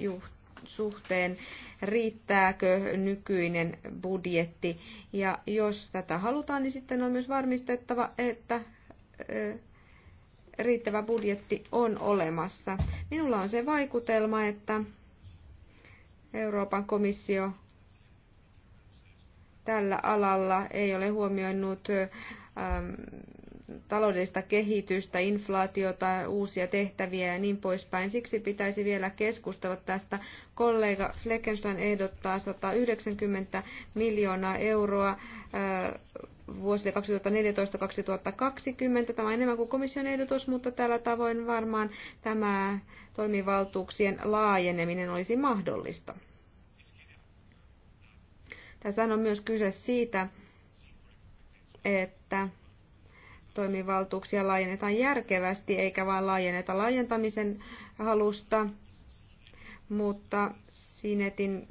suhteen riittääkö nykyinen budjetti. Ja jos tätä halutaan, niin sitten on myös varmistettava, että riittävä budjetti on olemassa. Minulla on se vaikutelma, että Euroopan komissio tällä alalla ei ole huomioinut ähm, taloudellista kehitystä, inflaatiota, uusia tehtäviä ja niin poispäin. Siksi pitäisi vielä keskustella tästä. Kollega Fleckenstein ehdottaa 190 miljoonaa euroa äh, vuosille 2014-2020. Tämä on enemmän kuin komission ehdotus, mutta tällä tavoin varmaan tämä toimivaltuuksien laajeneminen olisi mahdollista. Tässä on myös kyse siitä, että toimivaltuuksia laajennetaan järkevästi eikä vain laajenneta laajentamisen halusta, mutta Sinetin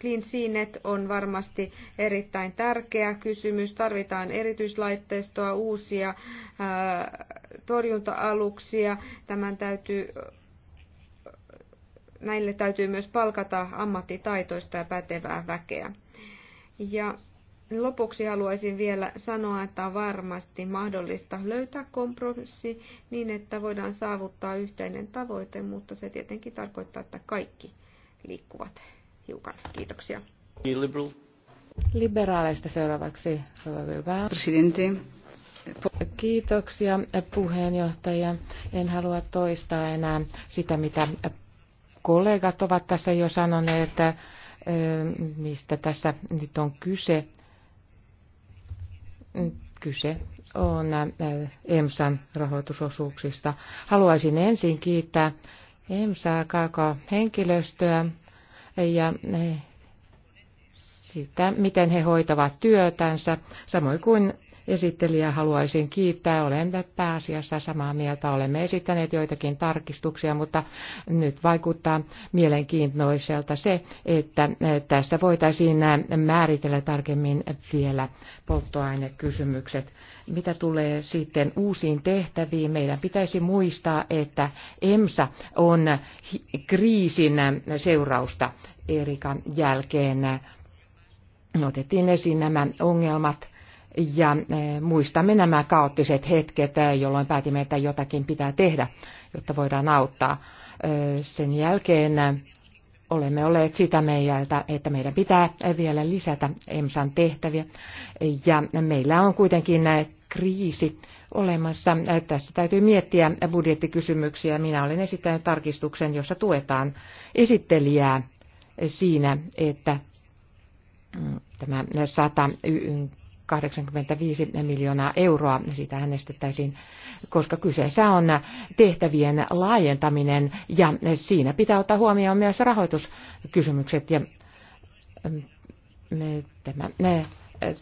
Clean Seanet on varmasti erittäin tärkeä kysymys. Tarvitaan erityislaitteistoa, uusia äh, torjunta-aluksia. Tämän täytyy näille täytyy myös palkata ammattitaitoista ja pätevää väkeä. Ja lopuksi haluaisin vielä sanoa, että on varmasti mahdollista löytää kompromissi niin, että voidaan saavuttaa yhteinen tavoite, mutta se tietenkin tarkoittaa, että kaikki liikkuvat hiukan. Kiitoksia. Liberal. Liberaaleista seuraavaksi. Presidentti. Kiitoksia puheenjohtaja. En halua toistaa enää sitä, mitä kollegat ovat tässä jo sanoneet, että eh, mistä tässä nyt on kyse. Kyse on eh, EMSAn rahoitusosuuksista. Haluaisin ensin kiittää EMSAa koko henkilöstöä ja eh, sitä, miten he hoitavat työtänsä, samoin kuin Esittelijä haluaisin kiittää. Olemme pääasiassa samaa mieltä. Olemme esittäneet joitakin tarkistuksia, mutta nyt vaikuttaa mielenkiintoiselta se, että eh, tässä voitaisiin eh, määritellä tarkemmin vielä polttoainekysymykset. Mitä tulee sitten uusiin tehtäviin, meidän pitäisi muistaa, että EMSA on kriisin eh, seurausta Erikan jälkeen otettiin esiin nämä ongelmat ja eh, muistamme nämä kaoottiset hetket, eh, jolloin päätimme, että jotakin pitää tehdä, jotta voidaan auttaa. Eh, sen jälkeen olemme olleet sitä mieltä, että meidän pitää vielä lisätä EMSAn tehtäviä. Ja meillä on kuitenkin kriisi olemassa. Tässä täytyy miettiä budjettikysymyksiä. Minä olen esittänyt tarkistuksen, jossa tuetaan esittelijää siinä, että mm, tämä 100 85 miljoonaa euroa, siitä äänestettäisiin, koska kyseessä on tehtävien laajentaminen ja siinä pitää ottaa huomioon myös rahoituskysymykset ja mm, me, tämä, ne,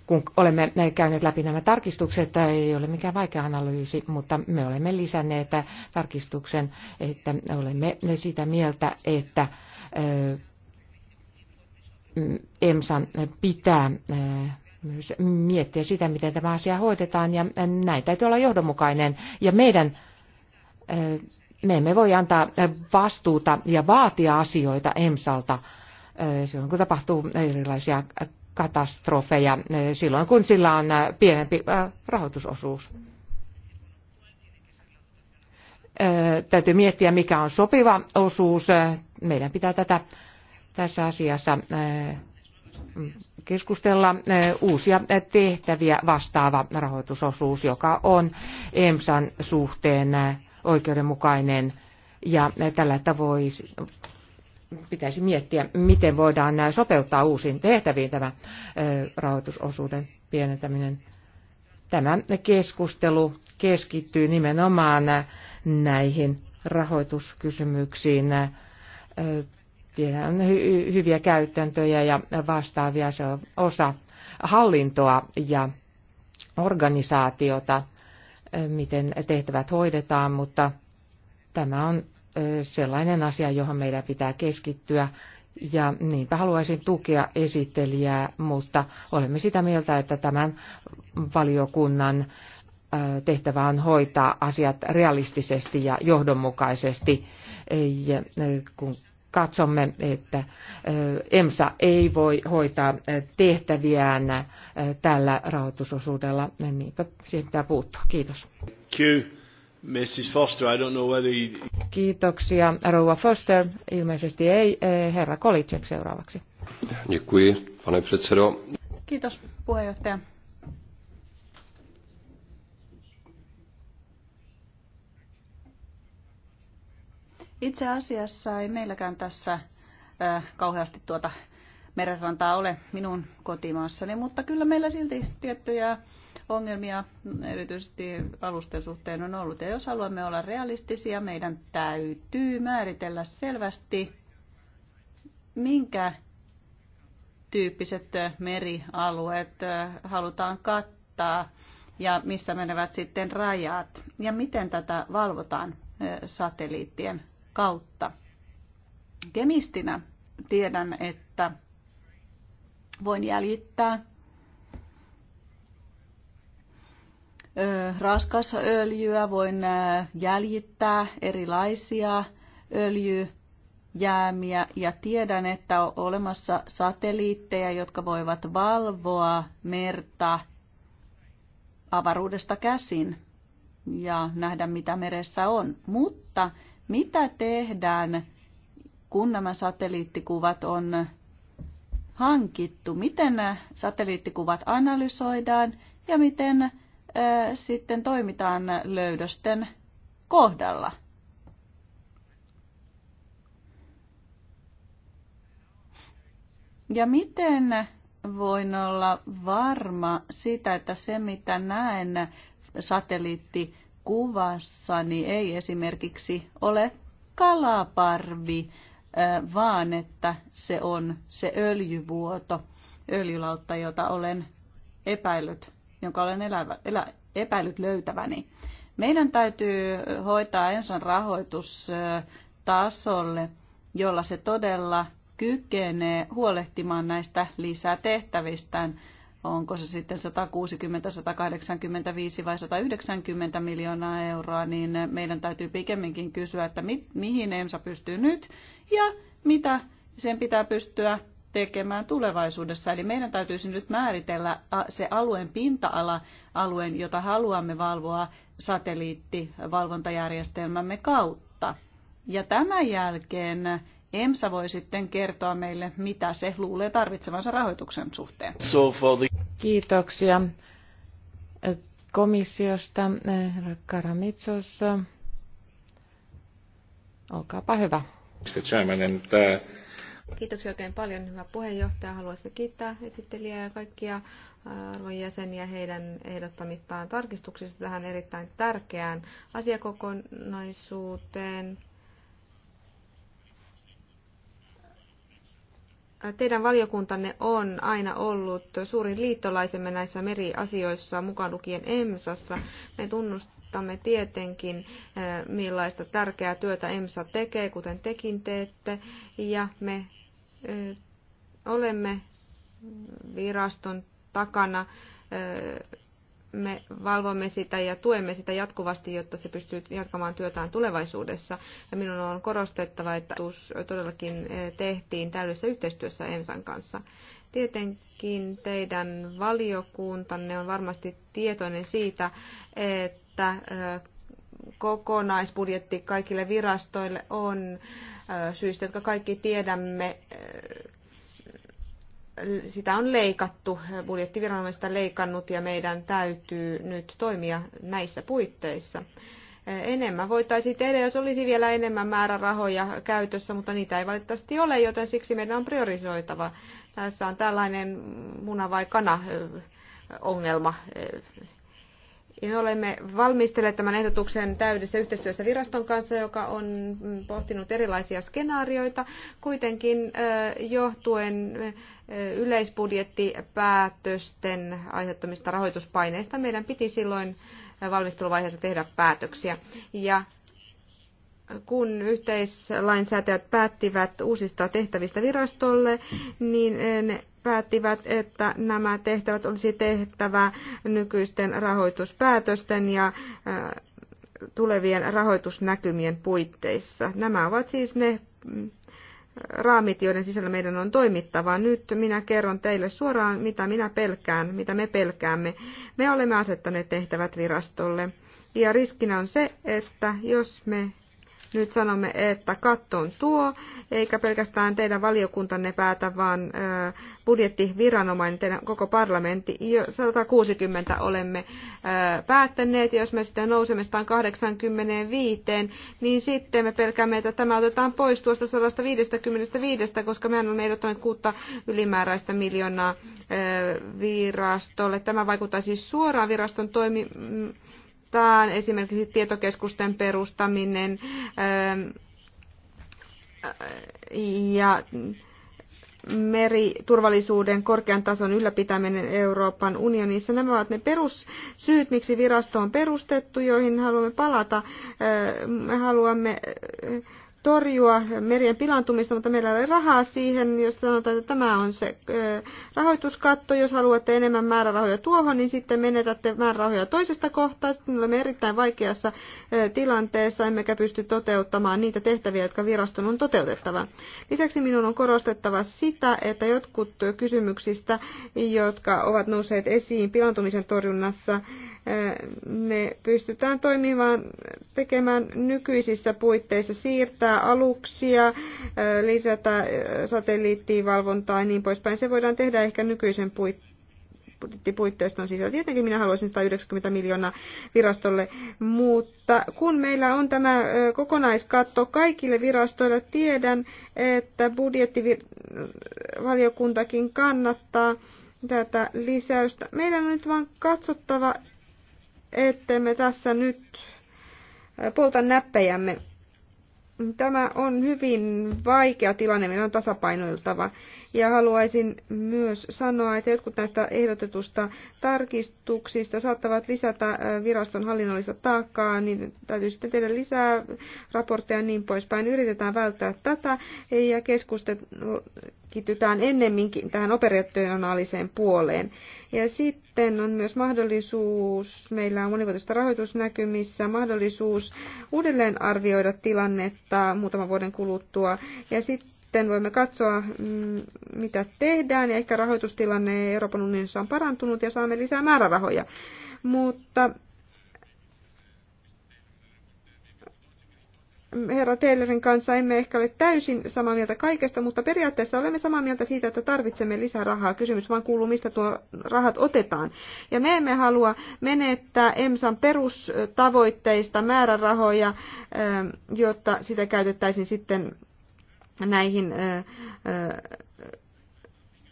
kun olemme käyneet läpi nämä tarkistukset, ei ole mikään vaikea analyysi, mutta me olemme lisänneet tarkistuksen, että olemme sitä mieltä, että mm, EMSAn pitää myös miettiä sitä, miten tämä asia hoitetaan ja näin täytyy olla johdonmukainen. Ja meidän, me emme voi antaa vastuuta ja vaatia asioita EMSalta silloin, kun tapahtuu erilaisia katastrofeja, silloin kun sillä on pienempi rahoitusosuus täytyy miettiä, mikä on sopiva osuus. Meidän pitää tätä tässä asiassa keskustella eh, uusia eh, tehtäviä vastaava rahoitusosuus, joka on EMSAn suhteen eh, oikeudenmukainen. Ja tällä tavoin pitäisi miettiä, miten voidaan sopeuttaa uusiin tehtäviin tämä rahoitusosuuden pienentäminen. Tämä keskustelu keskittyy nimenomaan näihin rahoituskysymyksiin Tiedän hy- hyviä käytäntöjä ja vastaavia. Se on osa hallintoa ja organisaatiota, miten tehtävät hoidetaan, mutta tämä on sellainen asia, johon meidän pitää keskittyä. Ja niinpä haluaisin tukea esittelijää, mutta olemme sitä mieltä, että tämän valiokunnan tehtävä on hoitaa asiat realistisesti ja johdonmukaisesti, kun katsomme, että EMSA ei voi hoitaa tehtäviään tällä rahoitusosuudella. Niinpä siihen pitää puuttua. Kiitos. Mrs. Foster, I don't know whether you... Kiitoksia, rouva Foster. Ilmeisesti ei. Herra Kolicek seuraavaksi. Kiitos, puheenjohtaja. Itse asiassa ei meilläkään tässä kauheasti tuota merenrantaa ole minun kotimaassani, mutta kyllä meillä silti tiettyjä ongelmia erityisesti alusten suhteen on ollut. Ja jos haluamme olla realistisia, meidän täytyy määritellä selvästi, minkä tyyppiset merialueet halutaan kattaa ja missä menevät sitten rajat ja miten tätä valvotaan satelliittien kautta. Kemistinä tiedän, että voin jäljittää raskasöljyä, voin jäljittää erilaisia öljyjäämiä ja tiedän, että on olemassa satelliitteja, jotka voivat valvoa merta avaruudesta käsin ja nähdä, mitä meressä on. Mutta mitä tehdään, kun nämä satelliittikuvat on hankittu? Miten satelliittikuvat analysoidaan ja miten sitten toimitaan löydösten kohdalla? Ja miten voin olla varma siitä, että se mitä näen satelliitti kuvassani ei esimerkiksi ole kalaparvi, vaan että se on se öljyvuoto, öljylautta, jota olen epäillyt, jonka olen elävä, elä, epäillyt löytäväni. Meidän täytyy hoitaa ensin rahoitus tasolle, jolla se todella kykenee huolehtimaan näistä lisätehtävistään onko se sitten 160, 185 vai 190 miljoonaa euroa, niin meidän täytyy pikemminkin kysyä, että mi- mihin EMSA pystyy nyt ja mitä sen pitää pystyä tekemään tulevaisuudessa. Eli meidän täytyisi nyt määritellä se alueen pinta-ala, alueen, jota haluamme valvoa satelliittivalvontajärjestelmämme kautta. Ja tämän jälkeen EMSA voi sitten kertoa meille, mitä se luulee tarvitsevansa rahoituksen suhteen. Kiitoksia komissiosta, Karamitsos. Olkaapa hyvä. Uh, Kiitoksia oikein paljon, hyvä puheenjohtaja. Haluaisimme kiittää esittelijää ja kaikkia uh, arvon jäseniä heidän ehdottamistaan tarkistuksista tähän erittäin tärkeään asiakokonaisuuteen. Teidän valiokuntanne on aina ollut suurin liittolaisemme näissä meriasioissa, mukaan lukien EMSassa. Me tunnustamme tietenkin, eh, millaista tärkeää työtä EMSA tekee, kuten tekin teette, ja me eh, olemme viraston takana eh, me valvomme sitä ja tuemme sitä jatkuvasti, jotta se pystyy jatkamaan työtään tulevaisuudessa. Ja minun on korostettava, että todellakin eh, tehtiin täydessä yhteistyössä EMSAn kanssa. Tietenkin teidän valiokuntanne on varmasti tietoinen siitä, että eh, kokonaisbudjetti kaikille virastoille on eh, syistä, jotka kaikki tiedämme sitä on leikattu, budjettiviranomaista leikannut ja meidän täytyy nyt toimia näissä puitteissa. Enemmän voitaisiin tehdä, jos olisi vielä enemmän määrärahoja käytössä, mutta niitä ei valitettavasti ole, joten siksi meidän on priorisoitava. Tässä on tällainen muna vai kana ongelma me olemme valmistelleet tämän ehdotuksen täydessä yhteistyössä viraston kanssa, joka on pohtinut erilaisia skenaarioita, kuitenkin johtuen yleisbudjettipäätösten aiheuttamista rahoituspaineista meidän piti silloin valmisteluvaiheessa tehdä päätöksiä. Ja kun yhteislainsäätäjät päättivät uusista tehtävistä virastolle, niin ne päättivät, että nämä tehtävät olisi tehtävä nykyisten rahoituspäätösten ja äh, tulevien rahoitusnäkymien puitteissa. Nämä ovat siis ne mm, raamit, joiden sisällä meidän on toimittava. Nyt minä kerron teille suoraan, mitä minä pelkään, mitä me pelkäämme. Me olemme asettaneet tehtävät virastolle. Ja riskinä on se, että jos me nyt sanomme, että katto on tuo, eikä pelkästään teidän valiokuntanne päätä, vaan budjettiviranomainen, teidän koko parlamentti. 160 olemme päättäneet, ja jos me sitten nousemme 185, niin sitten me pelkäämme, että tämä otetaan pois tuosta 155, koska mehän olemme ehdottaneet kuutta ylimääräistä miljoonaa virastolle. Tämä vaikuttaa siis suoraan viraston toimintaan vastaan, esimerkiksi tietokeskusten perustaminen ähm, äh, ja meriturvallisuuden korkean tason ylläpitäminen Euroopan unionissa. Nämä ovat ne perussyyt, miksi virasto on perustettu, joihin haluamme palata. Äh, me haluamme äh, torjua merien pilantumista, mutta meillä ei ole rahaa siihen, jos sanotaan, että tämä on se rahoituskatto. Jos haluatte enemmän määrärahoja tuohon, niin sitten menetätte määrärahoja toisesta kohtaa. Sitten olemme erittäin vaikeassa tilanteessa, emmekä pysty toteuttamaan niitä tehtäviä, jotka viraston on toteutettava. Lisäksi minun on korostettava sitä, että jotkut kysymyksistä, jotka ovat nousseet esiin pilantumisen torjunnassa, me pystytään toimimaan, tekemään nykyisissä puitteissa, siirtää aluksia, lisätä satelliittivalvontaa ja niin poispäin. Se voidaan tehdä ehkä nykyisen puitteissa budjettipuitteiston sisällä. Tietenkin minä haluaisin 190 miljoonaa virastolle, mutta kun meillä on tämä kokonaiskatto kaikille virastoille, tiedän, että budjettivaliokuntakin kannattaa tätä lisäystä. Meidän on nyt vain katsottava, että me tässä nyt polta näppejämme. Tämä on hyvin vaikea tilanne, meidän on tasapainoiltava. Ja haluaisin myös sanoa, että jotkut näistä ehdotetusta tarkistuksista saattavat lisätä viraston hallinnollista taakkaa, niin täytyy sitten tehdä lisää raportteja ja niin poispäin. Yritetään välttää tätä ja keskustetaan ennemminkin tähän operationaaliseen puoleen. Ja sitten on myös mahdollisuus, meillä on monivuotista rahoitusnäkymissä, mahdollisuus uudelleen arvioida tilannetta muutaman vuoden kuluttua. Ja sitten sitten voimme katsoa, mm, mitä tehdään, ja ehkä rahoitustilanne Euroopan unionissa on parantunut ja saamme lisää määrärahoja. Mutta herra Tellerin kanssa emme ehkä ole täysin samaa mieltä kaikesta, mutta periaatteessa olemme samaa mieltä siitä, että tarvitsemme lisää rahaa. Kysymys vaan kuuluu, mistä tuo rahat otetaan. Ja me emme halua menettää EMSAn perustavoitteista määrärahoja, eh, jotta sitä käytettäisiin sitten näihin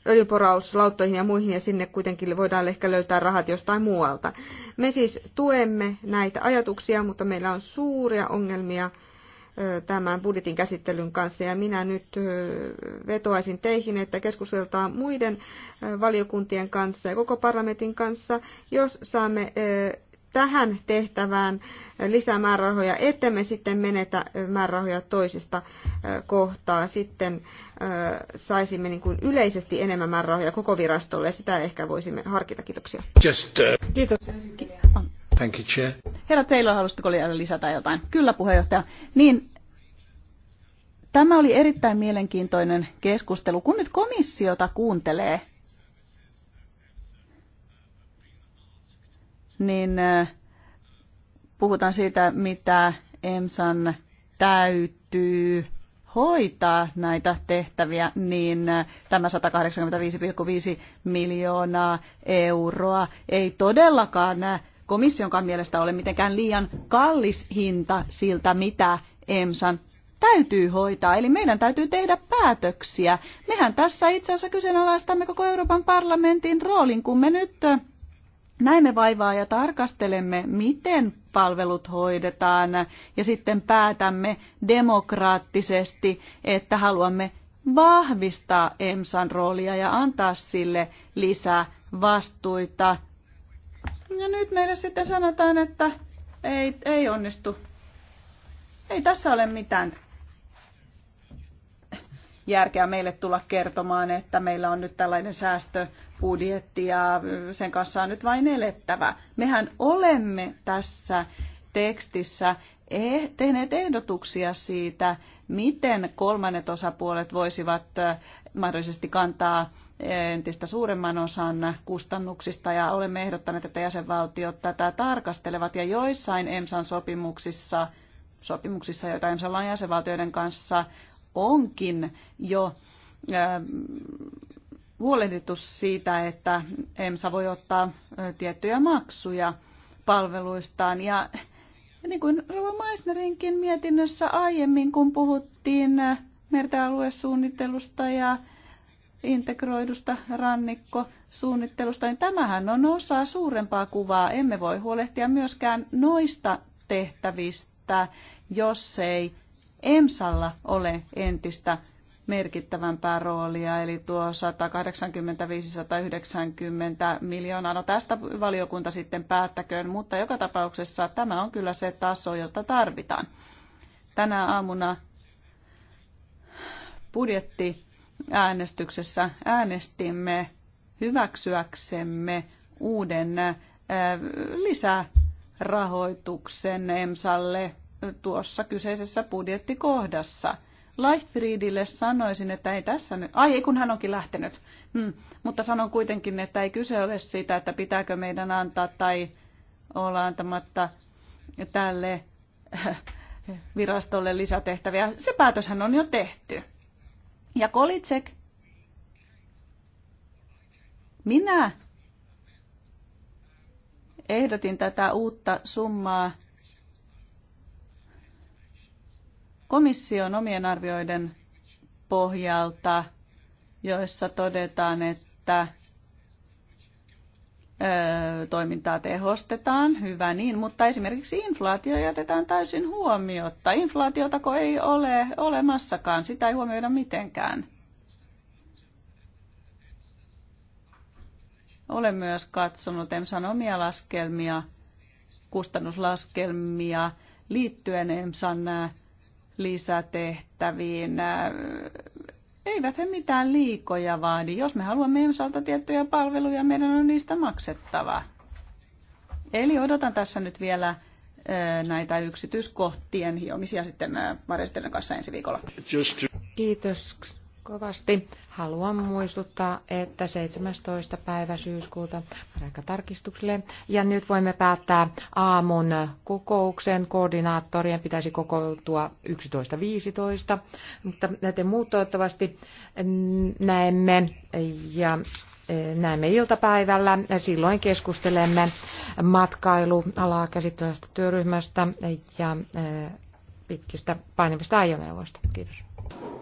öljyporauslauttoihin ja muihin ja sinne kuitenkin voidaan ehkä löytää rahat jostain muualta. Me siis tuemme näitä ajatuksia, mutta meillä on suuria ongelmia tämän budjetin käsittelyn kanssa ja minä nyt vetoaisin teihin, että keskusteltaan muiden valiokuntien kanssa ja koko parlamentin kanssa, jos saamme tähän tehtävään lisää lisämäärärahoja, ettemme sitten menetä määrärahoja toisesta kohtaa. Sitten saisimme niin kuin yleisesti enemmän määrärahoja koko virastolle ja sitä ehkä voisimme harkita. Kiitoksia. Just, uh... Kiitos. Thank you, Chair. Herra Taylor, vielä äh, lisätä jotain? Kyllä, puheenjohtaja. Niin, Tämä oli erittäin mielenkiintoinen keskustelu. Kun nyt komissiota kuuntelee, niin puhutaan siitä, mitä EMSAn täytyy hoitaa näitä tehtäviä, niin tämä 185,5 miljoonaa euroa ei todellakaan komissionkaan mielestä ole mitenkään liian kallis hinta siltä, mitä EMSAn täytyy hoitaa, eli meidän täytyy tehdä päätöksiä. Mehän tässä itse asiassa kyseenalaistamme koko Euroopan parlamentin roolin, kun me nyt näemme vaivaa ja tarkastelemme, miten palvelut hoidetaan ja sitten päätämme demokraattisesti, että haluamme vahvistaa EMSAn roolia ja antaa sille lisää vastuita. Ja nyt meille sitten sanotaan, että ei, ei onnistu. Ei tässä ole mitään järkeä meille tulla kertomaan, että meillä on nyt tällainen säästöbudjetti ja sen kanssa on nyt vain elettävä. Mehän olemme tässä tekstissä e- tehneet ehdotuksia siitä, miten kolmannet osapuolet voisivat mahdollisesti kantaa entistä suuremman osan kustannuksista ja olemme ehdottaneet, että jäsenvaltiot tätä tarkastelevat ja joissain EMSAn sopimuksissa sopimuksissa, joita EMSalla on jäsenvaltioiden kanssa, onkin jo huolehdittu siitä, että EMSA voi ottaa tiettyjä maksuja palveluistaan. Ja niin kuin Rova Meissnerinkin mietinnössä aiemmin, kun puhuttiin mertäaluesuunnittelusta ja integroidusta rannikkosuunnittelusta, niin tämähän on osa suurempaa kuvaa. Emme voi huolehtia myöskään noista tehtävistä, jos ei EMSalla ole entistä merkittävämpää roolia, eli tuo 185-190 miljoonaa. No tästä valiokunta sitten päättäköön, mutta joka tapauksessa tämä on kyllä se taso, jota tarvitaan. Tänä aamuna budjettiäänestyksessä äänestimme hyväksyäksemme uuden äh, lisärahoituksen EMSalle tuossa kyseisessä budjettikohdassa. Lightfriedille sanoisin, että ei tässä nyt, ai ei kun hän onkin lähtenyt, hmm. mutta sanon kuitenkin, että ei kyse ole siitä, että pitääkö meidän antaa tai olla antamatta tälle virastolle lisätehtäviä. Se päätöshän on jo tehty. Ja Kolitsek, minä ehdotin tätä uutta summaa komission omien arvioiden pohjalta, joissa todetaan, että toimintaa tehostetaan, hyvä niin, mutta esimerkiksi inflaatio jätetään täysin huomiotta. Inflaatiotako ei ole olemassakaan, sitä ei huomioida mitenkään. Olen myös katsonut EMSAn omia laskelmia, kustannuslaskelmia liittyen EMSAn lisätehtäviin. Eivät he mitään liikoja vaadi. Jos me haluamme ensalta tiettyjä palveluja, meidän on niistä maksettava. Eli odotan tässä nyt vielä näitä yksityiskohtien hiomisia sitten varjostelun kanssa ensi viikolla. Kiitos kovasti. Haluan muistuttaa, että 17. päivä syyskuuta tarkistukselle. Ja nyt voimme päättää aamun kokouksen. Koordinaattorien pitäisi kokoontua 11.15, mutta näiden muut toivottavasti näemme ja e, näemme iltapäivällä. Silloin keskustelemme matkailualaa käsittelevästä työryhmästä ja e, pitkistä painavista ajoneuvoista. Kiitos.